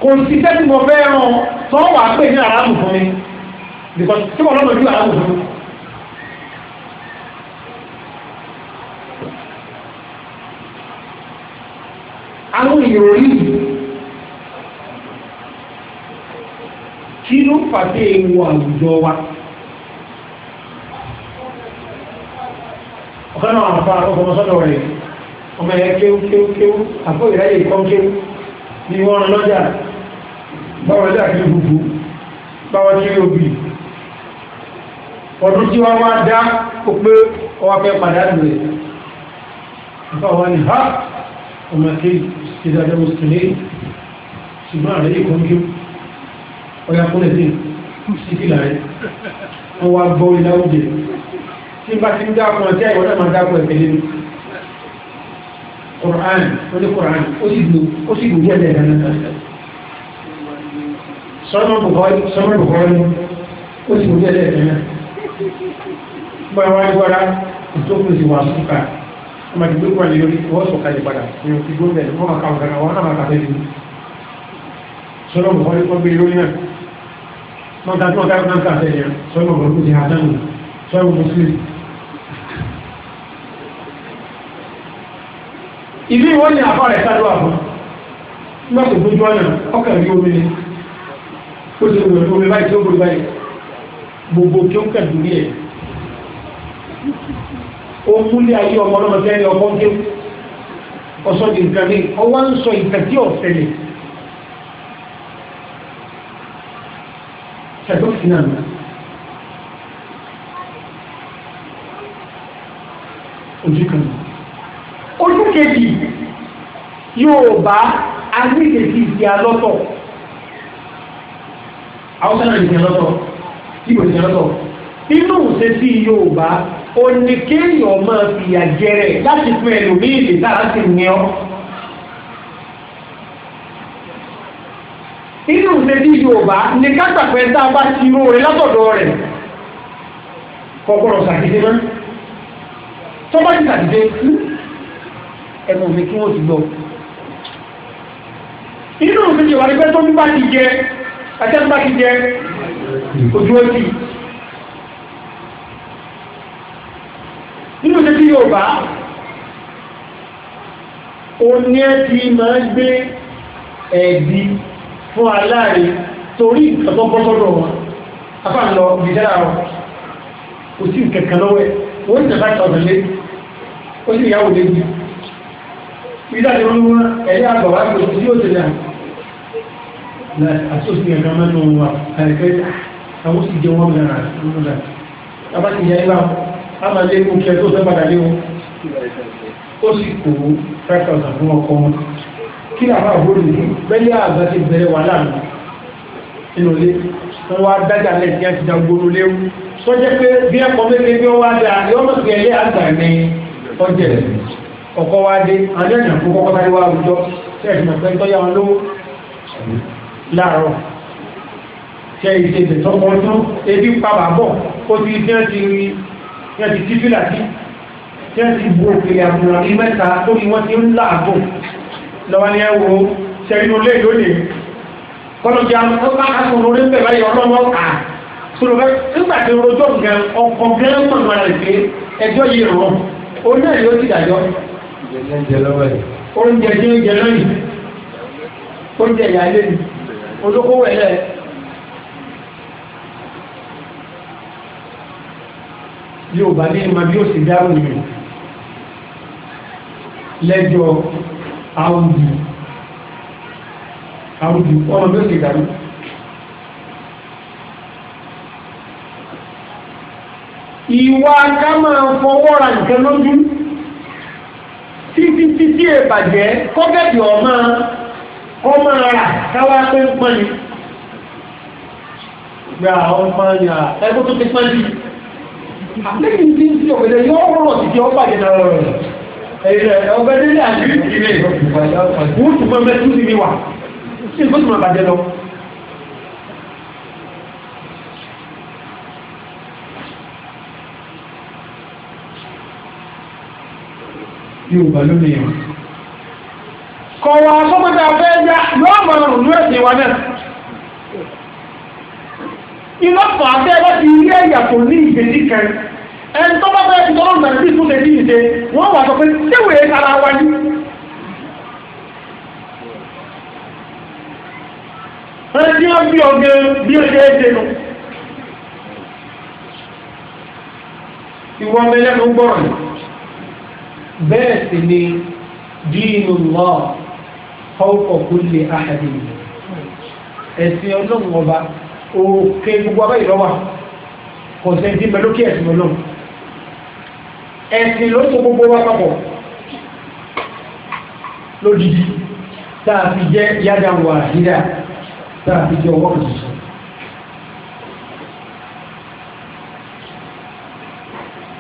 kò sí sẹ́tìmọ̀ fẹ́ràn tó wà ní aráàlú fún mi because tí wọ́n lọ́dọ̀ ju aráàlú fún mi. àwọn èèyàn kí ló fàdé ewu àwùjọ wa ọ̀kan náà àpá ọkọ̀mọ sọ́dọ̀ rẹ̀ ọmọ ẹ̀ kéwú kéwú kéwú àpò ìráyè kan kéwú ní wọ́n rán lọ́jà báwọn kí gbogbo báwọn kí ọdún tí wọ́n wá dá ó pé fẹ́ ọmọ kéwì ìdá jẹ́ mùsùlùmí ṣùgbọ́n àrẹ yìí kún kí ọya kúnlẹ̀ sí síkìlà rẹ̀ wọ́n wá gbọ́ ilá oúnjẹ tí bá ti ń dákun ọjọ́ ìwọ́n náà máa dákun ẹ̀tẹ̀lé mi Qur'an wọ́n ní Qur'an ó sì dùn ó sì dùn jẹ́lẹ̀ ẹ̀rọ náà sọ́nà bùkọ́lì sọ́nà bùkọ́lì ó sì dùn jẹ́lẹ̀ ẹ̀rọ náà gbọ́dọ̀ wáyé gbọ́dọ̀ ìjókòó ti wà fún ọmọ ìdìbò ìgbà lè rí wọ́n sọ̀ka ìpadà ní òkú gómìnà ìlú wọn kà ọ̀gá wọn náà máa kàfẹ́ sí sọlọ bọ̀ wọlé kọ́gbé lórí náà wọn ta tí wọn káyọ̀ náà kàfẹ́ yẹn sọlọ bọ̀ lórí ha dánù sọlọ bọ̀ sí. ìlú ìwọ́n ní rí ni ó ti wọ̀ omi báyìí tó gbogbo báyìí ẹ̀ omúlé ayé ọmọ ọlọ́mọ tẹ́lẹ̀ ọmọ ń ké ọsọ di nǹkan mi ọwọ́ ń sọ ìtàn tí ọ̀sẹ̀lẹ̀ ṣẹ̀dọ́ sí náà náà ojú kan ojú kejì yóò bá agbẹ́kẹ̀kì ìdí alọ́tọ̀ àwọn sẹ́nà ìdí alọ́tọ̀ ìbò ìdí alọ́tọ̀ inú òṣèṣì yóò bá ó ní kéèyàn máa fi àjẹrẹ láti fún ẹlòmíì lè dára sí ní ọ. inú ìṣẹ́jú yorùbá ní kátàpẹ́ tá a bá ti rú rẹ látọ̀dọ̀ rẹ̀ kọ́kọ́rọ̀ ṣàdédé mọ́ tọ́ba ti ṣàdédé ẹnu mi kí wọ́n ti gbọ́. inú ìṣẹ́jú yorùbá ni pé tó ń bá ti jẹ ẹ̀tẹ́ tó bá ti jẹ ojú ó nínú ṣe tí yóò bá o ní ẹ́ ti máa ń gbé ẹ̀dì fún aláàrí torí ìtọ́gbọ́sọ́dọ̀ wọn afáàlọ́ ìdára wọn kò sí kẹ̀kẹ́ lọ́wọ́ ẹ̀ wọ́n ti tẹ̀fà ìtọ́jọ́ lé ó sì yáwó lé bí ìdájọ́ wọn wọn ẹ̀yà àgbàwá kò sí yóò tẹ̀lé àti òsì ẹ̀ka mẹ́nu wa àìkẹ́ àwọn sì jẹ́ wọn mẹ́ra àbá ti yẹ ẹ̀ báwọn àmà lékún kí ẹ tó fẹ́ padà léwu ó sì kó five thousand fún ọkọ wọn kí àbá àbúrò ní bẹ́ẹ̀ni àgbà ti bẹ̀rẹ̀ wà láàánú nínú ilé wọn wá dájà lẹ́yìn tí a ti dàgbòrò léwu sọjẹ́ pé bí ẹ̀kọ́ méje bí wọ́n wá dá yọ mọ̀ sí ẹlẹ́ àgbà ní ọjẹ́ ọkọ̀ wá dé àjọyìn fún kọ́kọ́ bá dé wá àwùjọ sẹ́ẹ̀sì mọ̀ pé tọ́yà wọn lówó láàárọ̀ sẹ́ẹ̀sì tètè tọkọ tán ebi pa bàbọ̀ ó ti dẹ́ ti tí wọ́n ti kí fílà sí tí wọ́n ti bu òkèlè àbùràn ní mẹ́ta tó ní wọ́n ti ń láàbùn lọ́wọ́ ni ẹ wo sẹ́yìn olè lónìí kọ́nù jẹ́ àwọn ọmọ akásùn lórí ń bẹ̀rẹ̀ ọlọ́wọ́ à sọ̀rọ̀ bẹ́ẹ̀ nígbà tí rojọ́ gan ọkọ̀ gan mọ̀nà rẹ̀ pé ẹjọ́ yìí rọ̀ ó náà yóò ti dàjọ́. oúnjẹ jẹ́ oúnjẹ lọ́yìn oúnjẹ ìyá ilé ni olókòwò ẹ̀lẹ́ yóò bá ní ìmọ̀ bí ó sì dáhùn yìí lẹ́jọ́ àwùjù àwùjù ọmọ bí ó sì dáhùn. ìwà ká máa fọwọ́ ra nǹkan lójú títí títí ìbàjẹ́ kọ́kẹ́tì ọmọ ọmọ ara káwá pé ń pọ́n ni. gba ọmọ ya ẹgbẹ́ tó ti pọ́n sí àtẹ́kì ti ń fi ọ̀gẹ̀dẹ̀ yọ ọ̀rọ̀ títí ọ̀pá ìjẹta rẹ̀ ẹ̀rẹ̀ ọ̀gẹ̀dẹ̀ ní àti ìdílé wọ́n tún mọ́ mẹ́tún mi lọ. Kọ̀wá sọ́kọ́tà yá ẹ̀sìn wa náà. iná fà á bẹ́ẹ̀ bá ti rí ẹ̀yà tó ní ìgbèjì kan ẹni tó bá bẹ́ẹ̀ ti tọ́lọ́ ìgbà tí ìtúnṣe ní ìṣe wọ́n wà sọ pé síwèé ara wa ní. ẹni tí wọ́n bí ọgẹ bí ó ṣe é ṣe nù. ìwọ mẹlẹ́nu gbọ́rọ̀ bẹ́ẹ̀ sì ni díìnù lọ́ọ̀ fọ́ọ̀kọ̀ kúlẹ̀ àhàdì ẹ̀sìn ọlọ́run ọba òkè gbogbo abẹ́ ìlọ́wà kò sẹ́ńtì mẹ́lókè ẹ̀sìn olóhùn ẹ̀sìn ló so gbogbo wa papọ̀ lójijì tá a fi jẹ́ yáda wà hídà tá a fi jẹ́ ọwọ́ kan ṣoṣo.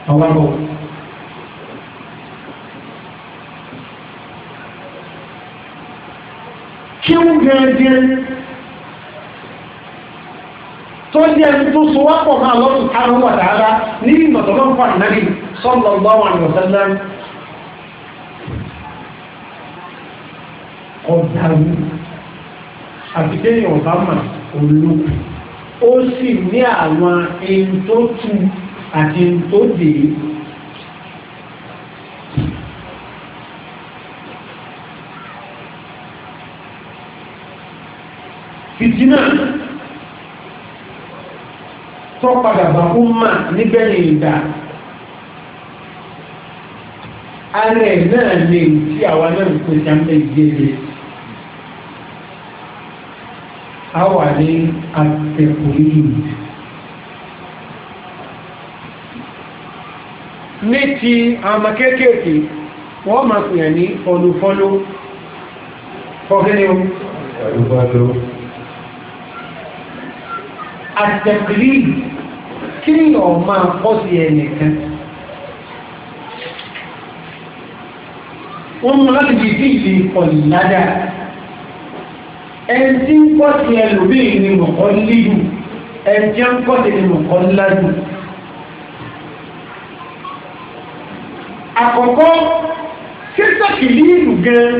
àwọn àbọ̀ kí ó gẹ́gẹ́ tó ní ẹni tó so wá pọ̀ máa lọ́dún kánú wà dáadáa ní ìmọ̀tọ́lọ́ fún ànábì sallallahu alaihi wasallam ọ̀dàrú àbíkẹ́yìn ọ̀bámà olókùn ó sì ní àwọn ẹni tó tu àti ẹni tó dé fìtínà tó padà bá kú mà níbẹ̀rẹ̀ ìdá ara ẹ̀ náà lè tí àwa náà ń pè sáńpẹ̀ a wà ní àtẹ̀kù yìí. ní ti àmà kéékèèké wọ́n máa pè ní ọdún fọ́lú fọ́kẹ́ni o. ọdún àtẹ̀kìrì kí ni ọ̀ máa kọ́ sí ẹnìkan wọ́n mú láti fi sí ìlú ìkọ̀lì ládà ẹni tí ń kọ́ sí ẹlòmíì ni mọ̀kọ́ lílù ẹni tí ń kọ́ sí ni mọ̀kọ́ ládù. àkọ́kọ́ kírísítọ́kì lílù gan-an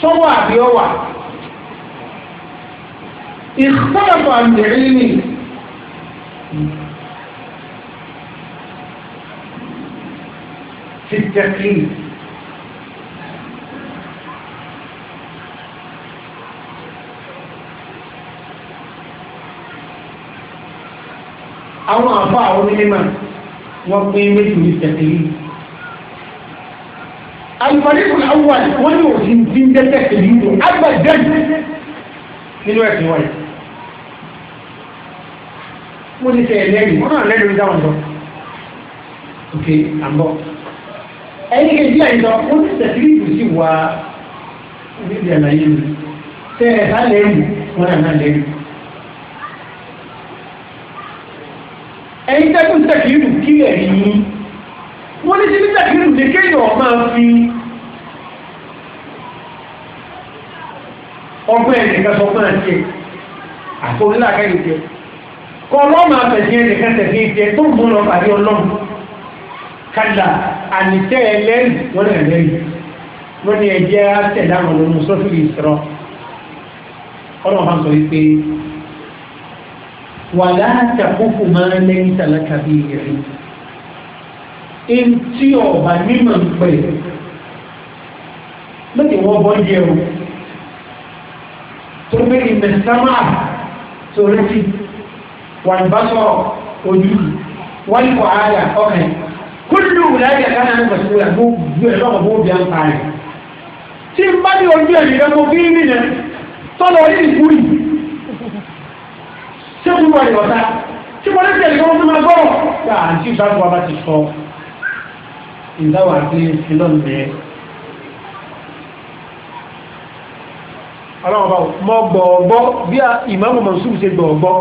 sọ́wọ́ àbí اختلطوا عن العلم في التقييم او اعطاه علما وقيمته للتقييم الفريق الاول ولو في ده تقييمه اما الجد من وقت لوقت mo ti tẹ̀ lẹ́yìn mo náà lẹ́nu ìdáhùn lọ. ok àbọ̀ ẹni kejì àyíká wọ́n ti tẹ̀ sílí ìlú sí wa níbi àlàyé mi tẹ̀ ẹ̀ bá lẹ́yìn wọ́n náà náà lẹ́yìn. ẹ̀yin tẹ́kùn tẹ̀kìlù kílẹ̀ yìí wọ́n ní síbi tẹ̀kìlù ní kéèyàn máa fi ọgbẹ́ ẹ̀nìkan sọ fún àti ẹ̀ àtòrílà kẹ́yìn jẹ́ kọ́ wọ́n máa tẹ̀sí ẹnìkan tẹ̀sí ìjẹ tó mú lọ pàdé ọlọ́run kàdà ànìtẹ́ ẹlẹ́rìí wọ́n rẹ̀ lẹ́rìí wọ́n ní ẹjẹ́ àtẹ̀dá àwọn ọmọ sọ́fìlì ìṣòro ọlọ́run máa sọ wípé wà látàkùkù máa lẹ́yìn tàlákà bí ìrìn ntí ọba mímọ̀ pẹ̀ lóde wọ́n bọ́ jẹun tó bẹ́ẹ̀ ìmẹ̀sámà tó rẹ́sì wà ní bàtọ̀ ojú wọ́n ní kọ̀ ààyà ọkàn kúlù wùláyà kan náà ní pàṣẹ wà gbogbo ẹ̀ lọ́wọ́ bóbi à ń pa rẹ̀ tí n bá ní ojú ẹ̀rí rẹ̀ mo fi ń rìn rẹ̀ tọ́lọ̀ orí ìkúrì ṣé kúrú wà ní ọ̀tá tí mo lè tẹ̀lé kọ́ fún ma gbọ́rọ̀ yà á ti ọlọ́run bá mọ́ gbọ̀ọ̀gbọ́ bí ìmáàmù Mansur ṣe gbọ̀ọ̀gbọ́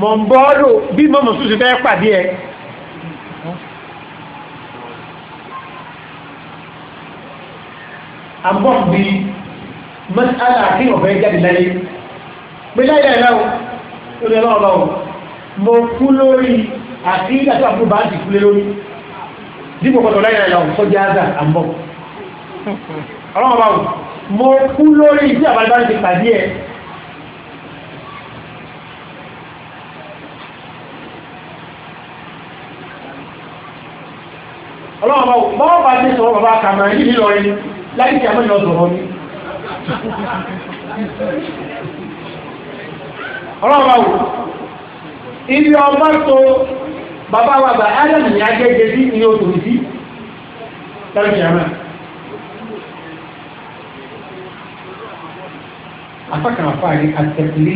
mọ̀ ń bọ́ọ̀lù bí mọ́mọ̀ sùn sí fẹ́ pàdé ẹ̀ àbọ̀bí mọ́sálà àti ọ̀fẹ́ jáde láyé pé láyé ẹ̀rọ lórí ẹ̀rọ ọlọ́run mo kú lórí àti ìdájọ́ àbúrò bá ti kúlé lórí dípò pọ̀tọ̀ láyé ẹ̀rọ sọ́jà àzà àbọ̀ ọlọ́run bá wù mo kú lórí ìdí àbálẹ́ ti pàdé ẹ̀ ọlọ́wọ́ bá bọ́ọ̀ bá dé sọ̀rọ̀ bàbá kàmà yìí nílọrin láì tí a mọ́ ìlọ́sọ̀rọ̀ ní ọlọ́wọ́ bá wò ibi ọmọ tó bàbá wa bá adam ní agẹ́gẹ́ sí ní oṣù sí láì tí a mọ́ afákan afáàrí àtẹ̀kùlé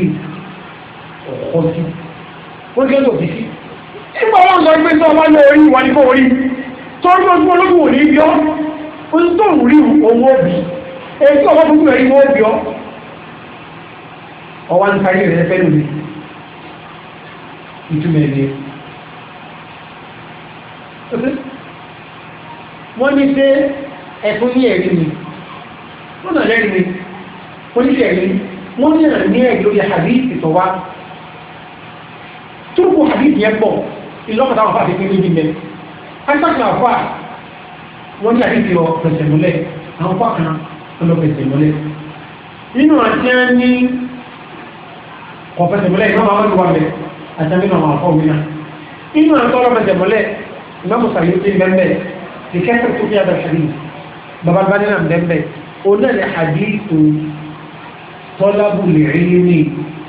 ọ̀kọ́ sí wọ́n gẹ́gẹ́ òfìsí nígbà wọn lọ gbé sọ wọn lọ orí wọn ní kó orí torí ojú ológun ò ní bí ọ́ ojú tó ń rí owó bì èyí tó ọwọ́ gbogbo ẹ̀rí wọ́n bí ọ́ ọwọ́ ń kárí rẹ̀ fẹ́ lómi ìtumẹ̀ ní wọ́n ní pé ẹ̀fún ní ẹ̀rí ni wọ́n náà lẹ́rí ni oníṣẹ́ ẹ̀rí wọ́n ní ẹ̀rí ní ẹ̀rí lórí àdíìsì tó wá tó kù àdíìsì yẹn pọ̀ ìlọ́pàá táwọn fàáfi pé níbi mẹ́rin pàtàkì àfa wọ́n ní àti ìlọ pẹ̀sẹ̀ múlẹ̀ àwọn apá kan lọ pẹ̀sẹ̀ múlẹ̀ nínú àti ẹ̀ ní kọ̀ pẹ̀sẹ̀ múlẹ̀ ìmọ̀ àwọn ọmọdé wà bẹ̀ àti àmì àwọn afọ mi náà nínú àti ọlọ́ pẹ̀sẹ̀ múlẹ̀ ìmọ̀ mùsàlì ó ti bẹ́ẹ̀ ti kẹ́sẹ̀ tó fi àbẹ̀ ṣàlì bàbá bá nínú àmì bẹ́ẹ̀ náà ní àdìsù tọ́lábù lè rí ní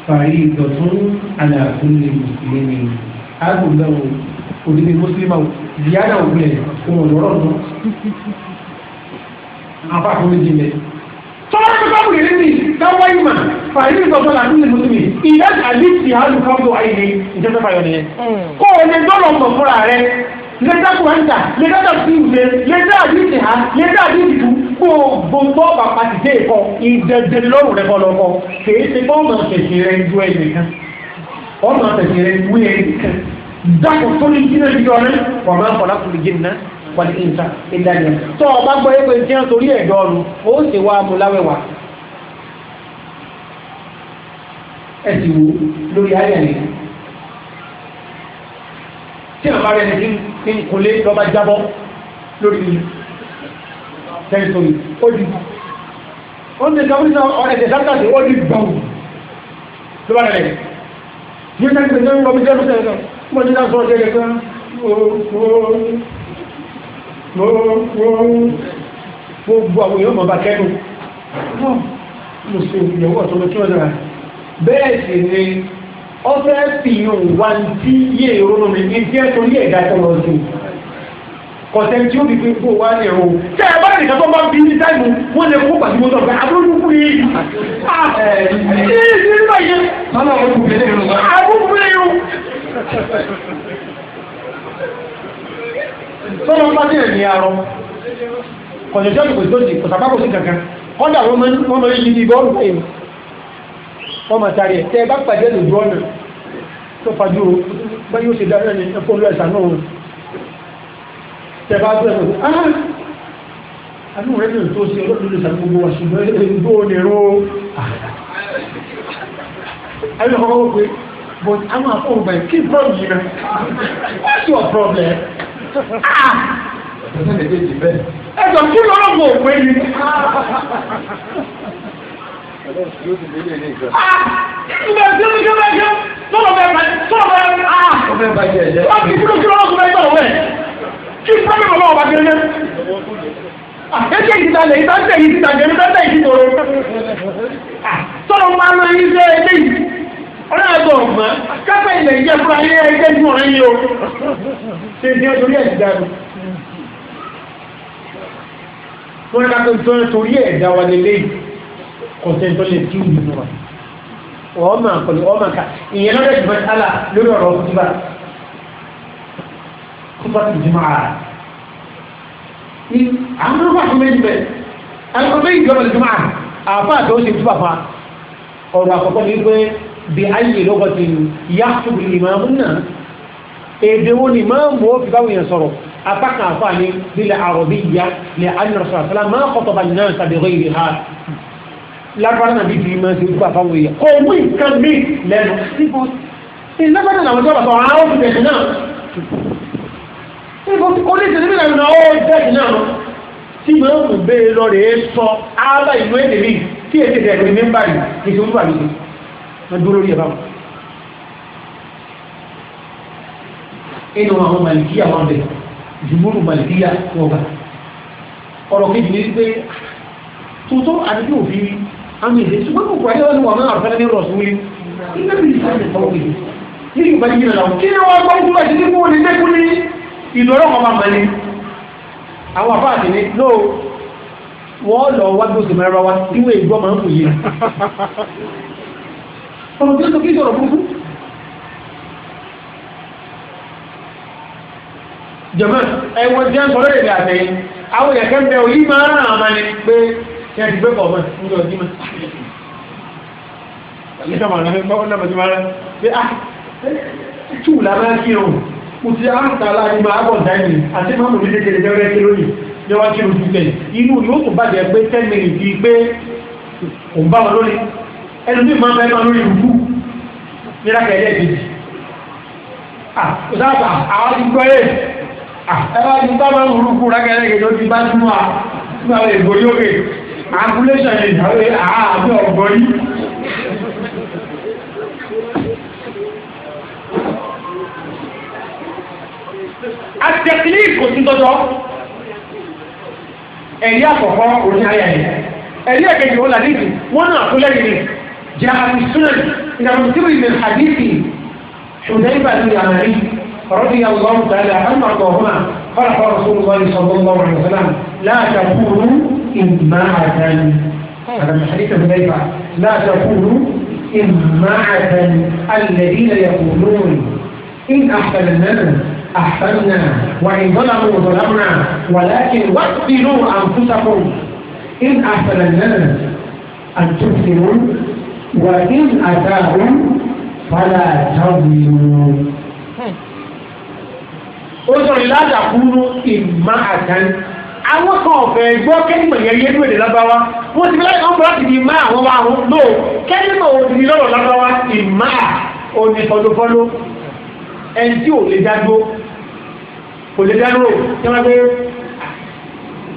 fàrí ìdọ̀tún àlàáfíà mùsùlùmí àgùnbẹ̀wò òdìbí mùsùlùmí ìyá náà wulẹ̀ òun lọ́rọ̀ nù. àbá tó lè jìnlẹ̀. tọ́lá tó bá wùlẹ̀ nínú ìdáwọ́ ìmà fàìlì ìtọ́jọ́ là nílẹ̀ mùsùlùmí ìyá àlè ti àlù kábò àìlè ìjọba fàyọ̀ nìyẹn. Hmm. kó o lè dọ́lọ̀ mọ̀ fúnra rẹ lẹ́dá kúrẹ́ńtà lẹ́dá dọ̀tíìmù lẹ́dá àdìsí ha lẹ́dá àdìsí tu gbogbo gbọ́ bàbá ti dé ìkọ ìdẹ̀dẹ̀ lọ́rùn rẹ̀ bọ́lọ́kọ kèé ti bọ́ ọmọ tẹ̀sí rẹ̀ ju ẹnìkan ọmọ tẹ̀sí rẹ̀ wí ẹnìkan dákò tó ní jíná bí ọ̀rẹ́ ọ̀rọ̀ máa ń kọ̀lá fún jíná pàdé ìta ìdá ni tó ọba gbọ́ yẹ pé tí wọ́n torí ẹ̀dọ́ ọ̀run ó sì wá mú láwẹ̀wà ẹ sì wò lórí ayẹ̀ ni tí àwọn ará ẹni tí ń kulé lọ́ba jábọ́ lórí tẹ́rìtọ́rì ó di ó ń tẹ̀sán fún ẹ̀sẹ̀ sátàdé ó di gbọ̀n ló bá yóò tẹ́lifíṣẹ́ ń lọ bí jẹ́ mo ti dáṣọ́ ọjọ́ ẹgbẹ́ kan gbogbo àwọn èèyàn mọ̀bá kẹ́nu mo ṣe ìyẹ̀wò ọ̀tọ́lọ́ tí wọ́n dára bẹ́ẹ̀ sì ni ọfẹ́ fìyàn wà tí yé ìrònú mi ní díẹ̀ tó ní ẹ̀dá tó lọ sí kọ̀tẹ́ tí ó fi fi gbó wá ní ẹ̀rọ tẹ́ ẹ bá nìkan tó bá bí ní táìmù wọ́n lè kó pàtí mọ́tò ọ̀gbẹ́ àbúrò kú yé yìí ní ìsinmi báyìí tọ́lọ́ ń bá dé ẹ̀mí arọ kọ̀jọ̀jọ́ ìpò ìdójì kò sàpá kò sí kankan kọ́dà wọ́n mọ yí ní bọ́ọ̀lù ẹ̀mí wọ́n mọ̀ sáré ẹ̀ tẹ́ ẹ bá pàdé lójú ọ̀nà tó fajú o bá yóò ṣe dáadáa ní ẹ̀kọ́ olú ẹ̀sà náà tẹ́ bá tó ẹ̀sà náà àánú rẹ̀ ní tó ṣe olóòtú lè sàgbó gbogbo wàṣùgbọ́n ẹgbẹ́ but a máa fún ọgbà from problem what's your problem ah ẹjọ kí lọ́lọ́gbọ̀ òwe yìí ah ìgbà tí ó ti gbé bá jẹ́ sọ̀rọ̀ bẹ́ẹ̀ bá sọ̀rọ̀ bẹ́ẹ̀ ah ọ̀bẹ bá jẹ́ ẹ̀jẹ̀ wọ́n ti kúrò kí lọ́lọ́gbọ̀ bẹ́ẹ̀ sọ̀rọ̀ bẹ́ẹ̀ kí problem ọlọ́wọ́ bá jẹ́ ẹ̀jẹ̀ àkékè ìdítalẹ̀ ìdájẹ́ ìdítalẹ̀ ìdájẹ́ ìdítalẹ̀ ìdítalẹ̀ sọ̀rọ̀ máa lọ ilé ẹgbẹ́ yìí ọ̀rẹ́ àgbọ̀ ọ̀gbọ́n kápẹ́ ilẹ̀ ìjẹ́ fún ayé ẹgbẹ́ tí wọ́n yí o ṣe ní ọjọ́ yẹ̀ ìdáru wọ́n ní kápẹ́ tó ń torí ẹ̀dá wa lélẹ́ kọ̀tẹ́ tó lè tú nínú wa ọmọ àkọlù ọmọ àká ìyẹn lọ́dẹ̀ jùlọ sálà lórí ọ̀rọ̀ kúbà kúbà tó jùmọ̀ àrà àwọn ọmọ àkọlù bẹ̀ àwọn ọmọ ìjọba lè jùmọ̀ àrà àfáà tó ṣe túbà fa ọ̀rọ̀ àkọ́kọ́ ní pé bí ayé lọ́gọ́tì yàtúbù ìmáàmù náà èdè wo ni máàmù ó fi báwọn yẹn sọ̀rọ̀ apá kan àfa ni lílẹ̀ àròbí ya lè àyìnrò sọ̀rọ̀ sọ́lá máa kọ́tọ̀ bá nínú àti àbẹ̀rẹ̀ ìrì ha lágbára náà bí ti máa ṣe gbà fáwọn èèyàn kò mú nǹkan tí máa ń bèèrè lọ rèé sọ ábà ìlú èdè mi tí èdè tẹ̀sí mi ń báyìí kì í ṣe ń bàlùkù wọ́n dúró lórí ẹ̀ báwọn. inú àwọn màlìkíyà wọn bẹ̀ jùmúrù màlìkíyà wọn bá ọ̀rọ̀ kejì ní pé tuntun àdúgbò òfin àmì ìdè ṣùgbọ́n kò kọ́ ayélujára ni wọ́n máa ń fẹ́lẹ́ ní rọ̀sùn ilé nígbà tí ìsáàlì sọ̀rọ̀ kejì nínú ìgbà yìí lọ kí ni wọ́n gbọ́ ìgbà tí kò ní dẹ́kun ní ìlú ọlọ́kọ̀ máa mọ̀ ni àwọn àbá àti ní lóò wọ́n lọ wá gbóṣù mẹ́rọ wa tí wọ́n máa ń fò yìí sọ̀rọ̀ tí ó sọ kí ìṣòro burúkú. jọ̀mọ́ ẹ̀wọ̀n jẹ́ sọ̀rọ̀ èdè àtẹ̀yìn àwọn èèyàn kẹ́ ń bẹ olí máa ràn án ni pé kí ẹ ti gbé bọ̀ mọ́ ní ọdún mọ́. ìjọba àwọn ọmọ ọlọ́mọ ti máa rẹ̀ pé ah tù lábẹ́ kí o kò ti àǹtà láti máa bọ̀ dáìní àti máa mọ̀ ní kékeré bẹ́rẹ̀ kí lónìí ní wọ́n kí o ti tẹ̀ inú yóò tún bàjẹ́ pé tẹ́lẹ̀ ìdí pé òun bá wọn lónìí ẹnu tí mọ́ mẹ́ta lórí ìrùkú nílá kẹ̀lẹ́ ìdíjì ọ̀sáàbà àwọn ti gbọ́ ẹ̀ ẹ̀bá ti bá máa ń rúkú rákẹ́lẹ́ ìjọ ti bá túnmọ̀ àwọn ègbò yókè àkúlẹ́ṣọ̀ ìdáwé àábẹ́ ọ̀gbọ́rí àtẹ̀kìlì kò sí tọ́jọ́ ẹ̀rí àkọ́kọ́ òní ayẹyẹ ẹ̀rí ẹ̀kẹ́jì ó làdíjì wọ́n náà kúlẹ̀ yìí جاء في السنن إلى مكتبه من حديث حذيفة اليماني رضي الله تعالى عنه وارضاهما قال رسول الله صلى الله عليه وسلم لا تكونوا إماعة هذا من حديث حذيفة لا تكونوا إماعة الذين يقولون إن أحسن أحسننا وإن ظلموا ظلمنا ولكن وقتلوا أنفسكم إن أحسن أن تبصروا wàhíìn àtàwọn fàlà àtàwọn ó sọ̀rọ̀ ìlàdàkúrú ìmá àtàn àwọn kan ọ̀fẹ́ gbọ́ kẹ́lìmọ̀ yẹn yé lóde lábáwá wọ́n ti fi láti ọ̀pọ̀ láti di má àwọn wa àwọn lò kẹ́lìmọ̀ òun ti lọ́rọ̀ lábáwá ìmá òní fọlọfọlọ ẹni tí ò lè dádó kò lè dádó tí wọ́n gbé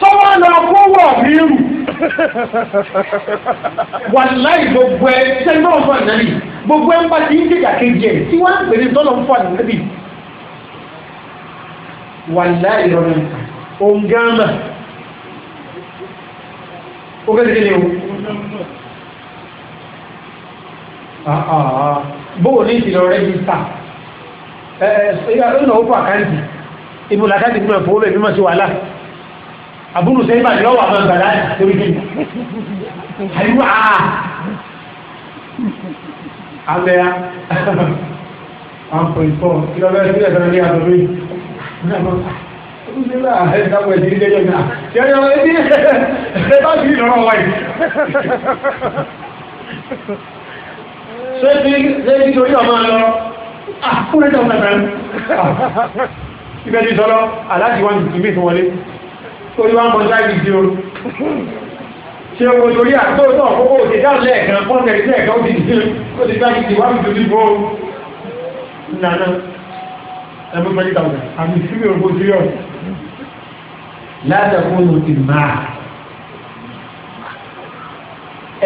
tó wá lọ fọwọ́ mi rù *laughs* wàláì gbogbo ẹ sẹ́ńdọ̀ ọ̀fọ̀ nàbì gbogbo ẹ ń bá ti ń jẹ́jà kejì ẹ̀ tí wọ́n ń pè ní tọ́lọ̀ ń fọ̀ nàbì wàláì rọrùn òǹgáàmà ó gẹ́gẹ́ ní o bóò ní ìsìlọ rẹ́gísítà ẹ̀ẹ́ ìyá lónà ó fọ àkáǹtì ìbùnà àkáǹtì mímọ̀ fowó bẹ̀ mímọ̀ sí wàhálà àbúrò sẹ́yìnbà ni ọwọ́ àmọ́ gbàdá torí kí ni àyíwá abẹ́ ah! ya one point four kìlọ̀ bẹ́ẹ̀ sílẹ̀ sọ̀rọ̀ ní àtọ̀ lóyún nígbà ẹ̀dáwọ̀ ẹ̀dí ìdẹ́jọ́ náà tí ẹ̀yọ́ ẹ̀dí ẹ̀bá sí ìlọ́rọ̀ wáyé ṣé tí ṣé tí torí ọmọ lọ àkúrẹ́dọ̀ mẹ́rin ìbẹ̀dì sọ́lọ́ aláàjì wọn ìmí ìfún wọlé torí wá ń bọ́ sáà ìdí o ṣe wo torí àtòtò àkókò òṣè dáhùn lẹ́ẹ̀kan pọ́ńtẹ̀lì lẹ́ẹ̀kan ó ti dì ó ti dá ìdí wá ìdí bó nànà ẹgbẹ́ twenty thousand àmì sílẹ̀ ògbó sílẹ̀ látàkùn ìmáà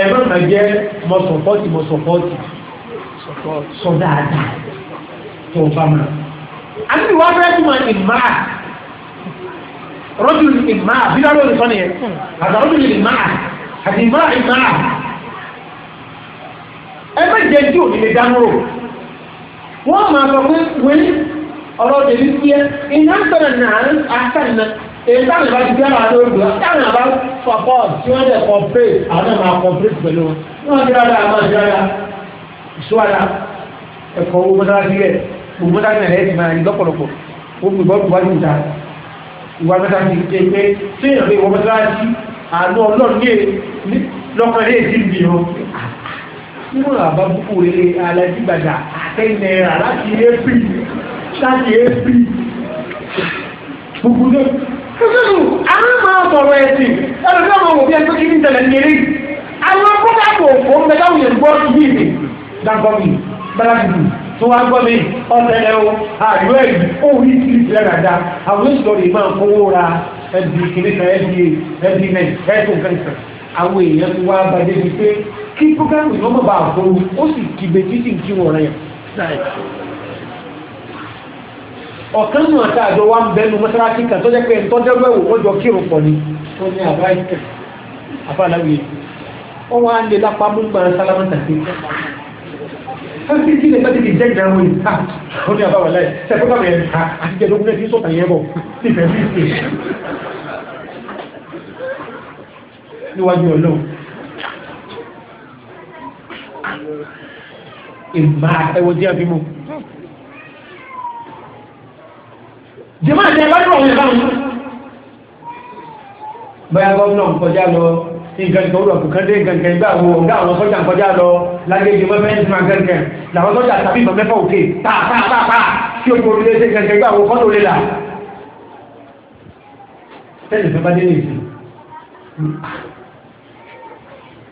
ẹ̀rọ náà jẹ́ mọ̀sọ̀pọ̀tì mọ̀sọ̀pọ̀tì sọ dáadáa tó bá mọ̀ àti wàá rọ́jùlù ìmá bílárò ní sọ́nìyẹ àgbà rọ́jùlù ìmá àti ìmá ìmá ẹ méje tí ò ní lè dánúrò wọ́n máa sọ pé wẹ́n ọ̀rọ̀ tèmi sí ẹ iná sọ̀rọ̀ náà àtàlẹ́ èyí táwọn ìbá ti gbára lóògbé táwọn ìbá fọ̀pọ̀ tí wọ́n dẹ̀ kọ̀pẹ́ àwọn náà máa kọ̀pẹ́ pẹ̀lú wọn wọ́n ti rárá àwọn ti rárá ìṣúwárá ẹ̀kọ́ owó mọ́tàlá sílẹ̀ gbogbo mọ́tàlá ìwà mẹ́sàájì ń jẹ́ pé tí èèyàn lè wọ mẹ́sàájì àánú ọlọ́run lè lọ́kàn lè ti bì ọ́ nínú àbá púpọ̀ ilé alájígbàjà àtẹ́nẹ̀ẹ́rà láti éèpì láti éèpì gbogbo náà kúkúrú àwọn máa sọ̀rọ̀ ẹ̀sìn ẹ̀rọ tí wọ́n wò bí ẹgbẹ́ kìíní tẹ̀lé nílé àwọn kókàtò òfò ń bẹ táwọn yẹn gbọ́ sí bíi dàgbọ́mì balagudu tó wá gbọ́ mi ọ̀tẹ̀lẹ̀ o àjọ ẹ̀rí òwúrí sí ìfìlẹ̀ dada àwọn oṣù lọ́ọ̀rì máa ń fowó ra ẹbí kìnnìkan ẹbí ẹbí nẹ ẹtù kẹsàn àwọn èèyàn ti wá bàjẹ́ bíi pé kí programu yìí wọ́n mọ̀ bá àbúrò ó sì kìbe títí kí wọ́n rẹ̀ ọ̀kan nù àti àjọ wa ń bẹnu mọ́sálásí kan tó jẹ́ pé ntọ́jọ́ bẹ́ẹ̀ wò ó kírun pọ̀ ni tó ní àbá ìtẹ̀ àbá aláwìyé ó wá ń lápá mú gbàǹsálámù tàbí sẹ́ńtì tí ilẹ̀ sẹ́ńtì ti jẹ́ ìdáwó yìí ha ó ní àbáwọ̀ láì sẹ́ńtì bá bẹ̀rẹ̀ ha àti jẹ́ lókun lẹ́sìn sọ̀tà yẹn bọ̀ sí ìfẹ́ sí ìfẹ́ níwájú ọlọ́run ìmá ẹwọ díẹ̀ bímọ. jẹ́mọ́ àti ẹ̀bá ní ọ̀rọ̀ yẹn báwọn. bóyá gómìnà kọjá lọ nǹkan kan olùwàkù kan dé gàngan ìgbà wo ọ̀gá àwọn sọ́jà ń kọjá lọ lágbègbè mọ́ fẹ́ẹ́ sinmi gàngan làwọn sọ́jà tàbí ìbọn mẹ́fà òkè pàápàápàá tí o kò lè ṣe gàngan ìgbà wo kọ́tò lè là. sẹ́ni fẹ́ bá dé lè fi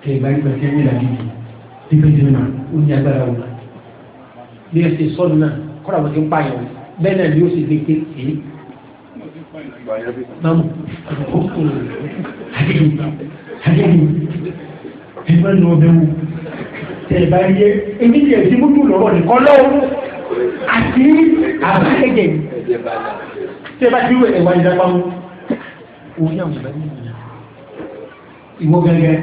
kẹ ìgbà nígbà tí ẹni làbí bí bí bí mà ó ní agbára wò bí ẹ ṣe sọ́ọ̀nù náà kọ́ra wọn àyẹ̀wò ẹ má nu ọbẹ̀ wò tẹ̀ bá yẹ ebi yẹ ti mútu lọ́rọ̀ nìkan lọ́wọ́ àti àbáyẹ̀jẹ̀ tẹ̀ bá ti wẹ̀ ẹ̀wà ìdàgbà wọn òun yàwó bá yẹ̀ ìwọ gẹ́gẹ́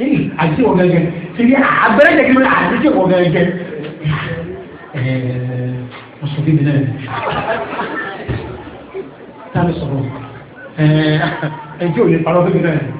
ní àti ìwọ gẹ́gẹ́ ti ní abẹ́rẹ́ jẹ́ kí ló àti ìwọ gẹ́gẹ́ ẹ̀ẹ́ ọ̀sùn bíbí náà tá a lè sọ̀rọ̀ ẹ̀ẹ́ ẹ̀jẹ̀ ò lè parọ́ bíbí náà.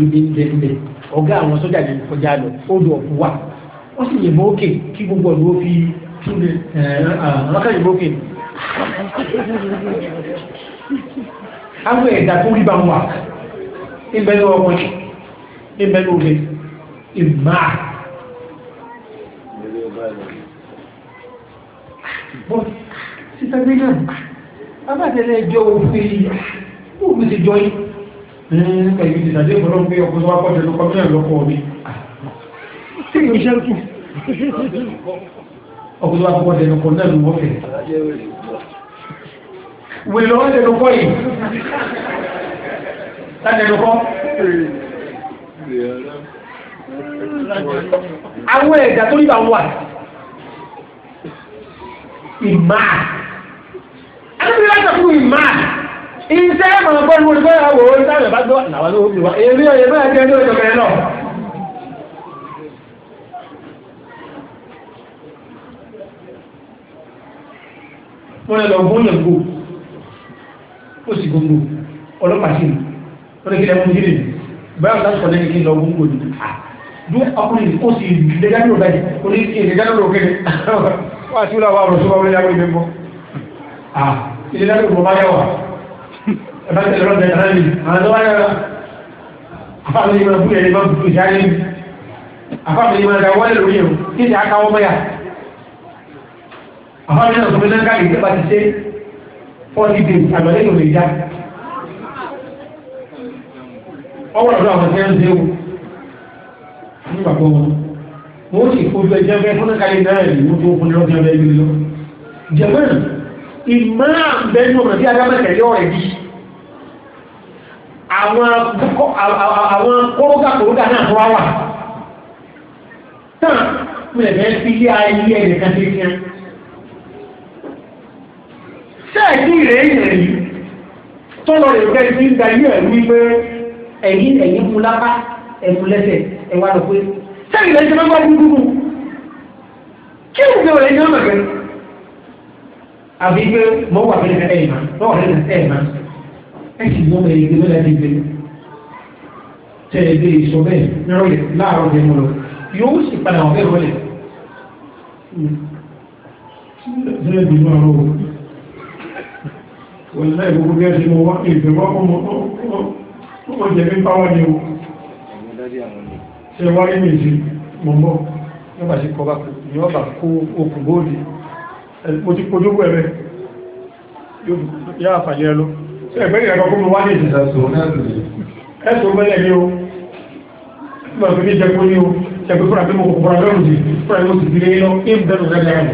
ibi ń bẹ bẹ ọ̀gá àwọn sọ́jà yẹn kọjá lọ odò ọ̀fù wa wọ́n sì yìnbọn òkè kí gbogbo ọ̀dọ́ ó fi túnbẹ̀ ọ̀rọ̀kà yìnbọn òkè. àwọn ẹ̀dá tó rí bá wà ìbẹ̀ ní ọmọ ìbẹ̀ ní omi ìmá. sísá gbé náà abájẹ́lẹ̀ ẹjọ́ òfin òfin ti jọ yìí ẹ̀yìn ìdìdàdé ìfọ́nà pé ọkùnrin wá pọ̀jù ló kọjá lọ́pọ̀ mi. Kí ni iṣẹ́ tù? Ọkùnrin wá pọ̀jù ló kọjá ló wọ́fẹ̀. Wèlè lọ́wọ́ lè lọ́kọ́ yìí. Láti lọ́kọ́. Àwọn ẹ̀dà tó níbà wà. Ìmáà. Àwọn ẹ̀dà tó níbà wà iṣẹ́ ẹ̀mọ̀ ọgbọ́n ní olùkọ́ ìyàwó orí táwọn ìbá gbọ́ àwọn ló bí wa èmi ọ̀yẹ̀ bá ẹgbẹ́ ní ọjọ́ bẹ̀rẹ̀ náà. wọ́n lè lọ gún yẹn gbò ó sì gbogbo ọlọ́pàá sí mi wọ́n lè kí lẹ́mú yìí rè báyọ̀ láti sọ lẹ́yìn kí n lọ gún gbò ní. bí ọkùnrin kò sì lẹ́gá ní ọ̀gá yìí kò ní ìrẹ́gá lọ́dọ̀ òkèlè wọ́n àti wúlọ̀ àwọn ọ̀rọ̀ tó bá wọlé yàgò ìgbẹ́ ẹ̀fẹ́ tẹ̀lé rọ́ọ̀dẹ̀ náà ni àwọn tó wáyé rà afáàmì yìí máa bú ẹni máa bùkún ìyá yìí afáàmì yìí máa da wọ́lẹ̀ lórí ẹ̀hún kí ni aka wọ́n mọ́yà afáàmì náà sọ̀rọ̀ náà káàkiri pípa ti ṣe fọ́ọ̀tì dè àgbàlẹ́ yóò lè já ọwọ́ ọ̀dọ́ àwọn tẹ́ ń ṣe wò nígbà tó wọn wọ́n sì fojú ẹjẹ́ bẹ́ẹ̀ fún náà náà yìí wọ́n tó fún ní ọdún ẹgbẹ́ ìgbìlọ́ jẹ̀mọ́n ìmọ̀ bẹ́ẹ̀ ní ọmọdé adámẹ́kẹ̀ẹ́ yọ̀ ẹ̀dí àwọn kórógàkórógà náà tó wá wà tán pẹ̀lẹ́ fi lé ayé ẹnìkan tí kíá sẹ́ẹ̀kì rẹ̀ èèyàn yìí tó lọ rẹ̀ bẹ́ẹ̀ tí ń da ilé ẹ̀rú wípé ẹ̀yìn ẹ̀yìn mú lápá ẹ̀mú lẹ́sẹ̀ ẹ̀wà lọ pé sẹ́ẹ̀kì rẹ̀ ṣe mẹ́fà dúdú kí ni ìgbéwọ̀ ẹ̀yìn ọmọ gẹ̀ẹ́ àbí pé mọ́wọ́ àbẹ́lẹ̀ ẹ̀yìn máa mọ́wọ́ àbẹ́lẹ̀ ẹ̀yìn máa ẹ̀sì ló ń lè gbé lẹ́yìn gbé tẹ́ ẹ gbé ìṣọ bẹ́ẹ̀ nírọ̀lẹ́ láàárọ̀ bẹ́ẹ̀ mọ́ lọ yóò sì padà wọ́n bẹ́ẹ̀ rọlẹ̀ sílẹ̀ bí wọ́n rọ̀ wọ́n lé gbogbo bí ẹ ti mọ wá ìgbẹ́ wọ́n mọ ọmọ jẹ̀bi báwọn ni o ṣe wáyé mi sí mọ̀ mọ́ yóò bá ṣe kọ́ bá kú yóò bá kó okùn bóòdì mo ti kojú pẹ̀lẹ́ yóò yá àfàyẹ́ lọ ṣe ẹ̀gbẹ́ ìrẹ́kọ̀ fún mi wá ní ẹ̀sùn mẹ́lẹ̀ ni ó lọ sí ní jẹ́kọ́ ní ó ṣẹ̀gbẹ́ fúnra tí mo kò fúnra lọ́rùn jì fúnra ló sì dílé lọ kí n bẹ̀rù rẹ̀ lẹ́rẹ̀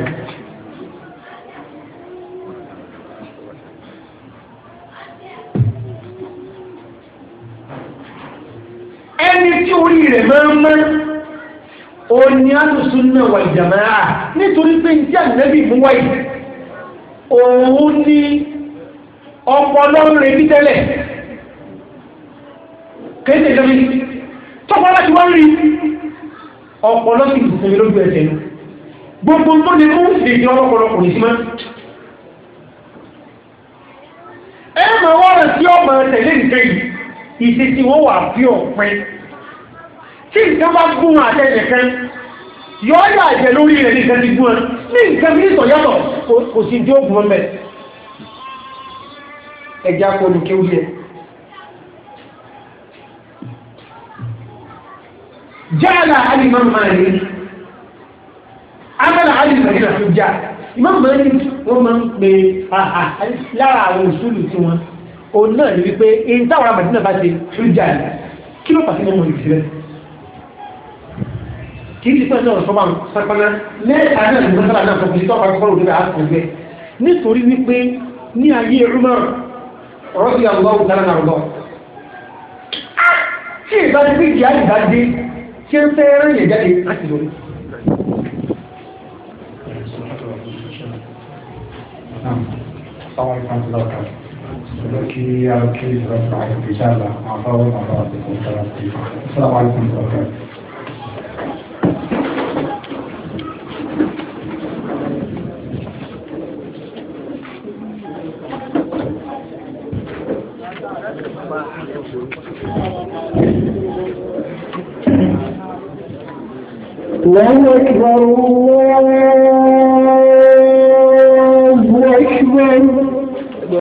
ẹni tí orí rẹ̀ máa ń mọ́ òní náà wà ìjàmáà nítorí pé ní tí mú wáyé òun ní ọpọlọ ń retí tẹ́lẹ̀ kéde tẹ́lẹ̀ tọ́pọ̀ láti wá rí ọpọlọ sì tẹ̀lé lójú ẹsẹ̀ gbogbo tó lè mú ìdèdè ọlọ́pọlọ kò ní sí mọ́ ẹ máa wọ́n rẹ̀ sí ọmọ tẹ̀lé nìkan yìí ìṣesí wọn wà bí ọ̀pẹ tí nǹkan bá gún àtẹnìkan yọ ọ́ yà jẹ lórí rẹ̀ nìkan ti gún ẹ ní nǹkan bí ìtọ̀yàtọ̀ kò sí di ó gún ọ mẹ́rin ẹja kọlu kéwù yẹ. jaala ali imam maali amala ali madina tó já imam maali wọn máa ń pè aha lára àwọn òṣùlù tí wọn òun náà ní wípé èyí táwọn amadina bá ṣe tó já ẹ kí ló pàṣẹ mọ́mọ́ ìdílé kì í ti pẹ́ náà sọ́mà sápáná lẹ́ẹ̀ta náà ní sọ́mà náà sọ́kùnrin tó ọ̀pá kọ́kọ́rọ́ òdúrà àkọ́gbẹ́ nítorí wípé ní ayé rúmọ́rùn rọ́bì àwọn ọ̀gá náà rọ̀. tí ìbáni bí ìyá ìbá dé ṣé ń fẹ́ rán yẹn jáde láti lórí. Kí àwọn afáwọn àwọn àti ìjọba àti ìjọba. Sọ́dọ̀ wà الله أكبر الله